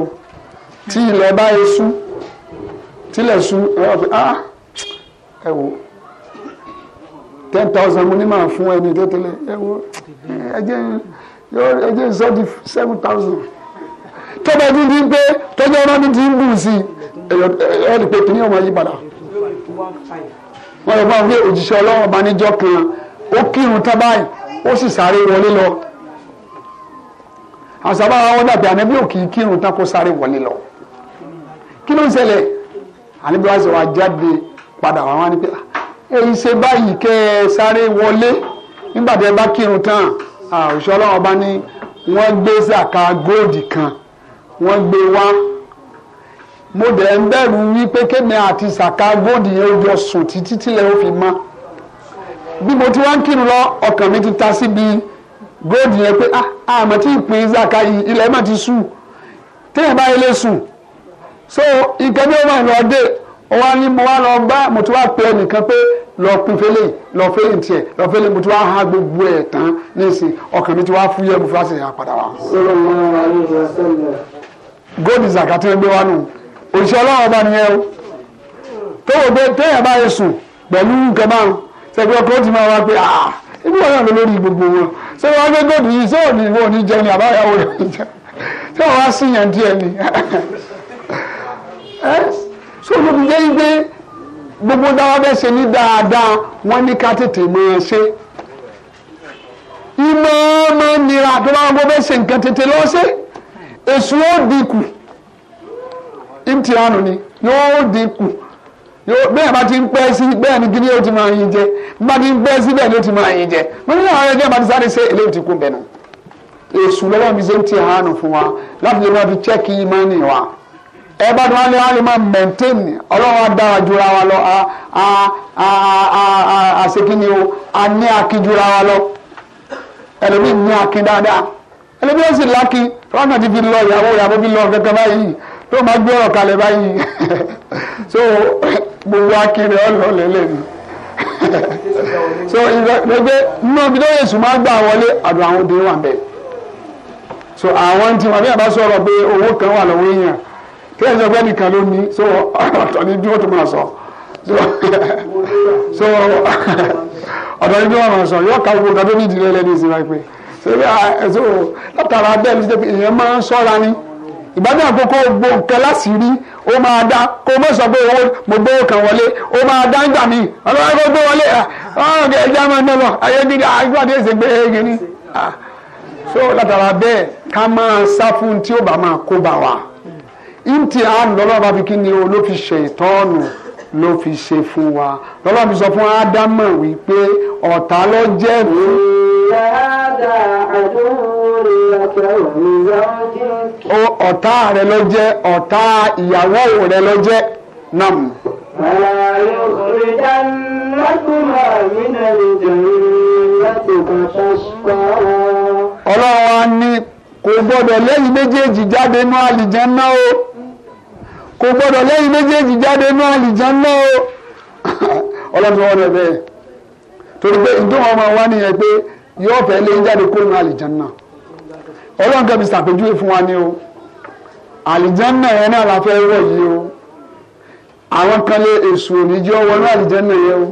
tí ilẹ̀ bá yẹ sú tílẹ̀ sú ẹ wọ́n fi ah ẹ wò ten thousand mo ní máa fún ẹni tó tẹ́lẹ̀ ẹ wò ẹ jẹ́ ẹ jẹ́ seven thousand tó bá ti di pé tọ́jú ọmọ mi ti ń bù sí i ẹ rí pé kíní ọmọ yí padà wọ́n yọ fún wa pé òjíṣẹ́ ọlọ́run bá níjọ́ kan ó kírun tán báyìí ó sì sáré wọlé lọ àṣàbà wọn dàbí ànábì ò kì í kírun tán kó sáré wọlé lọ kí ló ń ṣẹlẹ̀ ànábì wa sọ wa jáde padà wá wá ní pé èyí ah, ṣe báyìí kẹ ẹ sáré wọlé nígbà tí ẹ bá kírun tán ah, òjíṣẹ́ ọlọ́run bá wọ́n gbé zaka góòdì kan wọ́n gbé wá mo dẹ̀ ń bẹ̀rù wípé kémi àti sàká góòdì yẹn ó jọ sùn títí tílẹ̀ ó fi mọ́ bí mo ti wá ń kírun lọ ọkàn mi ti ta síbi góòdì yẹn pé àmọ́ ah, tí ìpín sàká yìí ilẹ̀ mà ti sùn téèyàn bá ilé sùn so ìkẹ́ bí ó máa lọ dé ó wá ní mo wá lọ bá mo ti wá pe ẹnìkan pé lọ pin fẹlẹ lọ fẹlẹ tiẹ lọ fẹlẹ mo ti wá ha gbogbo ẹ tán nísìn ọkàn mi ti wá fúyẹ́ mo fi wá sí ìyá padà wá. góòdì sàká tí wọ́n gbé wá nù òṣìṣẹ́ ọlọ́run ọba nìyẹn o tó wò pé téèyàn bá yẹ sùn pẹ̀lú nǹkan márùn sẹ́gbẹ́ ọkọ̀ ti máa wá pé ah ibi wọn náà ló lórí gbogbo wọn ṣé wọn gbé gbòdì yìí ṣé òní ìwọ òní jẹun ní àbáyáwó rẹ ṣé wọn wá sí yàn díẹ̀ ni ẹ ṣé olóbi jẹ́ gbé gbogbo dáwọ́ bẹ́ẹ̀ ṣe ní dáadáa wọ́n ní ká tètè máa ṣe ìmọ̀ ọmọ nira tó bá wọn bẹ́ẹ̀ ṣe nǹkan tètè lọ́ọ́ ṣe èṣù ó dínkù ìmtìhánù ni yóò dínkù bẹ́ẹ̀ bá ti ń pẹ́ sí bẹ́ẹ̀ ni gíní yóò ti máa yin jẹ bá ti ń pẹ́ sí bẹ́ẹ̀ ni yóò ti máa yin jẹ wọ́n ní àwọn ẹgbẹ́ bá sáré ṣe eléyìí ti kú bẹ̀rù èṣù lọ́wọ́ mi ṣe ń ti hànú fún wa láti lè máa fi chẹ́kì ìmánì wa ẹ bá tí wọ́n lé wọn lè máa maintain ọlọ́run á dára jura wa lọ àṣekínni o a ní akin jura wa lọ ẹlòmíì ní akin dáadáa ẹlòmíì ó sì lákin rọ́nà ti fi lọ ìyàwó ìyàwó fi lọ kẹ̀kẹ́ báyìí tó máa gbé ọ̀rọ̀ kalẹ̀ báyìí so gbogbo akiri ọ̀nà lélẹ̀ ni so ìgbẹ́gbẹ́ nínú ibi tó yẹ̀sùn máa gbà wọlé àdùn àwọn obìnrin wà bẹ́ẹ̀ so àwọn tí wọn bí àbá sọ̀rọ̀ pé owó kan wà lọ́wọ́ èèyàn kí ẹ̀ sọ pé nìkan ló ní so ọ̀tọ̀ ni bí wọ́n tó máa sọ so ọ̀tọ̀ ni bí wọ́n máa sọ yóò ká gbogbo kan tó ní ìdílé lẹ́nu ìsinmi pé so látara bẹ́ẹ̀ ló ti dẹ́ pé èèyàn máa ń sọ́ra ni ìgbádùn àkókò gbogbo nǹkan láti rí ó máa dá kó o mọ̀ sọ pé owó mo gbówó kan wọlé ó máa dá nígbà míì ọlọ́wọ́ kó gbé wọlé ọ̀hún ah, ah, kẹ́ ẹja máa ń dẹ́wọ̀ ayé gidi àgbà tí èsì gbé ni. Ah, so látara bẹ́ẹ̀ ká máa sá fún tí ó bá máa kó bá wa ìntì àánú lọ́wọ́ bá fi kí ni o ló fi ṣe ìtọ́nù ló fi ṣe fún wa lọ́wọ́ fi sọ fún ádámọ̀ wípé ọ̀tá ló jẹ́ ó ọ̀tá rẹ ló jẹ́ ọ̀tá ìyàwó rẹ ló jẹ́ nam. ọlọ́run wa ní kò gbọ́dọ̀ lẹ́yìn méjèèjì jáde nú àlìjànnà o kò gbọ́dọ̀ lẹ́yìn méjèèjì jáde nú àlìjànnà o ọlọ́run wa rẹ̀ bẹ́ẹ̀ torí pé ìdúnwọ̀n ọmọ wa nìyẹn pé yóò fẹ́ lé jáde kó nú àlìjànnà ọlọ́run kẹ́mi ṣàpèjúwe fún wa ni o àlìjẹ́nà yẹn náà la fẹ́ yìí o àwọn kan lé èṣù òní jẹ́ ọwọ́ ní àlìjẹ́nà yẹn o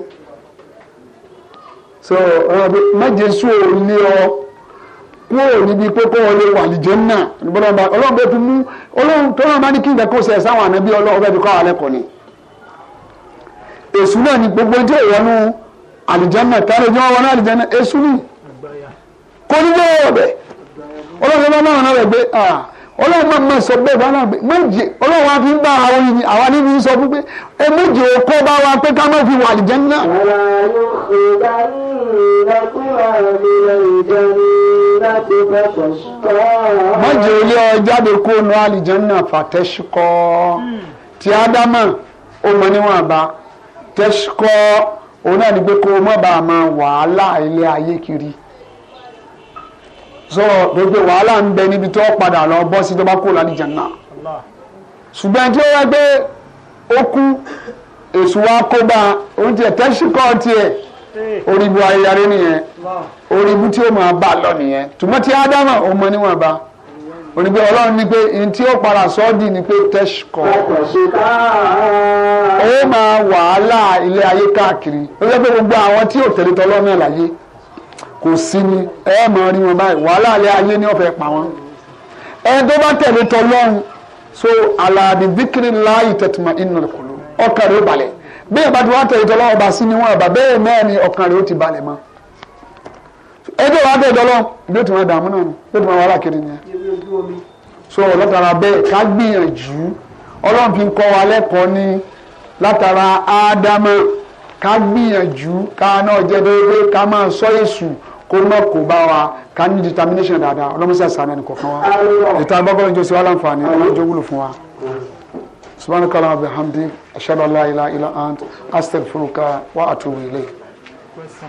so ọ̀rọ̀ pé méje sùn ò lé ọ kúrò níbi pópó ọlẹ́ wà àlìjẹ́nà ọlọ́run bẹ́ẹ̀ fi mú ọlọ́run tó náà bá ní kí n kẹ́kọ̀ọ́ sẹ̀ sáwọn àná bí ọlọ́run bẹ́ẹ̀ fi kọ́ àlẹ́ kọ́ ni èṣù náà ni gbogbo jẹ́ ìyọnu àlìjẹ́nà tààrẹ̀ jẹ́ ọwọ́ ní àlìjẹ́nà èṣù ni kò ní bẹ́ẹ̀ ọlọ́run bá máa rán rẹ̀ pé ọlọ́run máa máa sọ bẹ́ẹ̀ fáwọn àgbẹ̀ méje ọlọ́run wa fi ń bá àwọn yìí ni àwa níbi sọ fún ẹ méje kọ́ bá wa pé ká má fi wà lìjẹ́ ńlá. méje ilé ọ kó nu àlìjẹ́nnà fàtẹ́síkọ́ tí ádámà ó níwọ̀n àbá tẹ́síkọ́ òun náà ní pé kó o má bàa máa wàhálà ilé ayé kiri so gbogbo wàhálà ń bẹ níbi tó padà lọ bọ́ sí tó bá kó lálìjà náà ṣùgbọ́n tí ó wá gbé ó kú èṣù wa kó bá oúnjẹ tẹ́síkọ́ tiẹ̀ oríbu ayáre nìyẹn oríbu tí ó máa bá lọ nìyẹn tùmọ̀ tí ádámà ó mọ níwọ̀n bá onígbé ọlọ́run ní pé ní tí ó para sọ́ọ́dì ni pé tẹ́síkọ́ ó máa wàhálà ilé ayé káàkiri ó jẹ́ pé gbogbo àwọn tí ò tẹ̀lé tọ́lọ́ náà láyé kò sí ni ẹ máa rí wọn báyìí wàhálà alẹ́ ayé ni wọ́n fẹ́ pa wọn. ẹni tó bá tẹ̀lé tọlọ́run so aláàbí bíkìrì láàyè tẹ̀tùmá iná kòló ọkàn rẹ̀ ó balẹ̀ bí bá ti wá tẹ̀lé tọlọ́run ọba sí ni wọ́n ọba bẹ́ẹ̀ náà ni ọkàn rẹ̀ ó ti balẹ̀ mọ́. ẹjọ́ wa tẹ̀lé tọlọ́run bí ó ti máa dààmú náà ni bí ó ti máa wàhálà kiri ni. so látara bẹ́ẹ̀ ká gbìyànjú ọlọ́run fi ń kọ́ wa lẹ́kọ̀ọ́ ní látara ádámà ká gbìyànjú ká náà kó má kó bá wa ká ní determination dáadáa ọlọ́mọṣẹ́ sàánú ẹnì kọ̀ọ̀kan wa ìta gbọ́gbọ́n ìjọ sí wa láǹfààní ọlọ́jọ́ wúlò fún wa. subhanaka wa bihamdi ashhadu an la ila ila ant astaghfiruka wa atubu ilayk.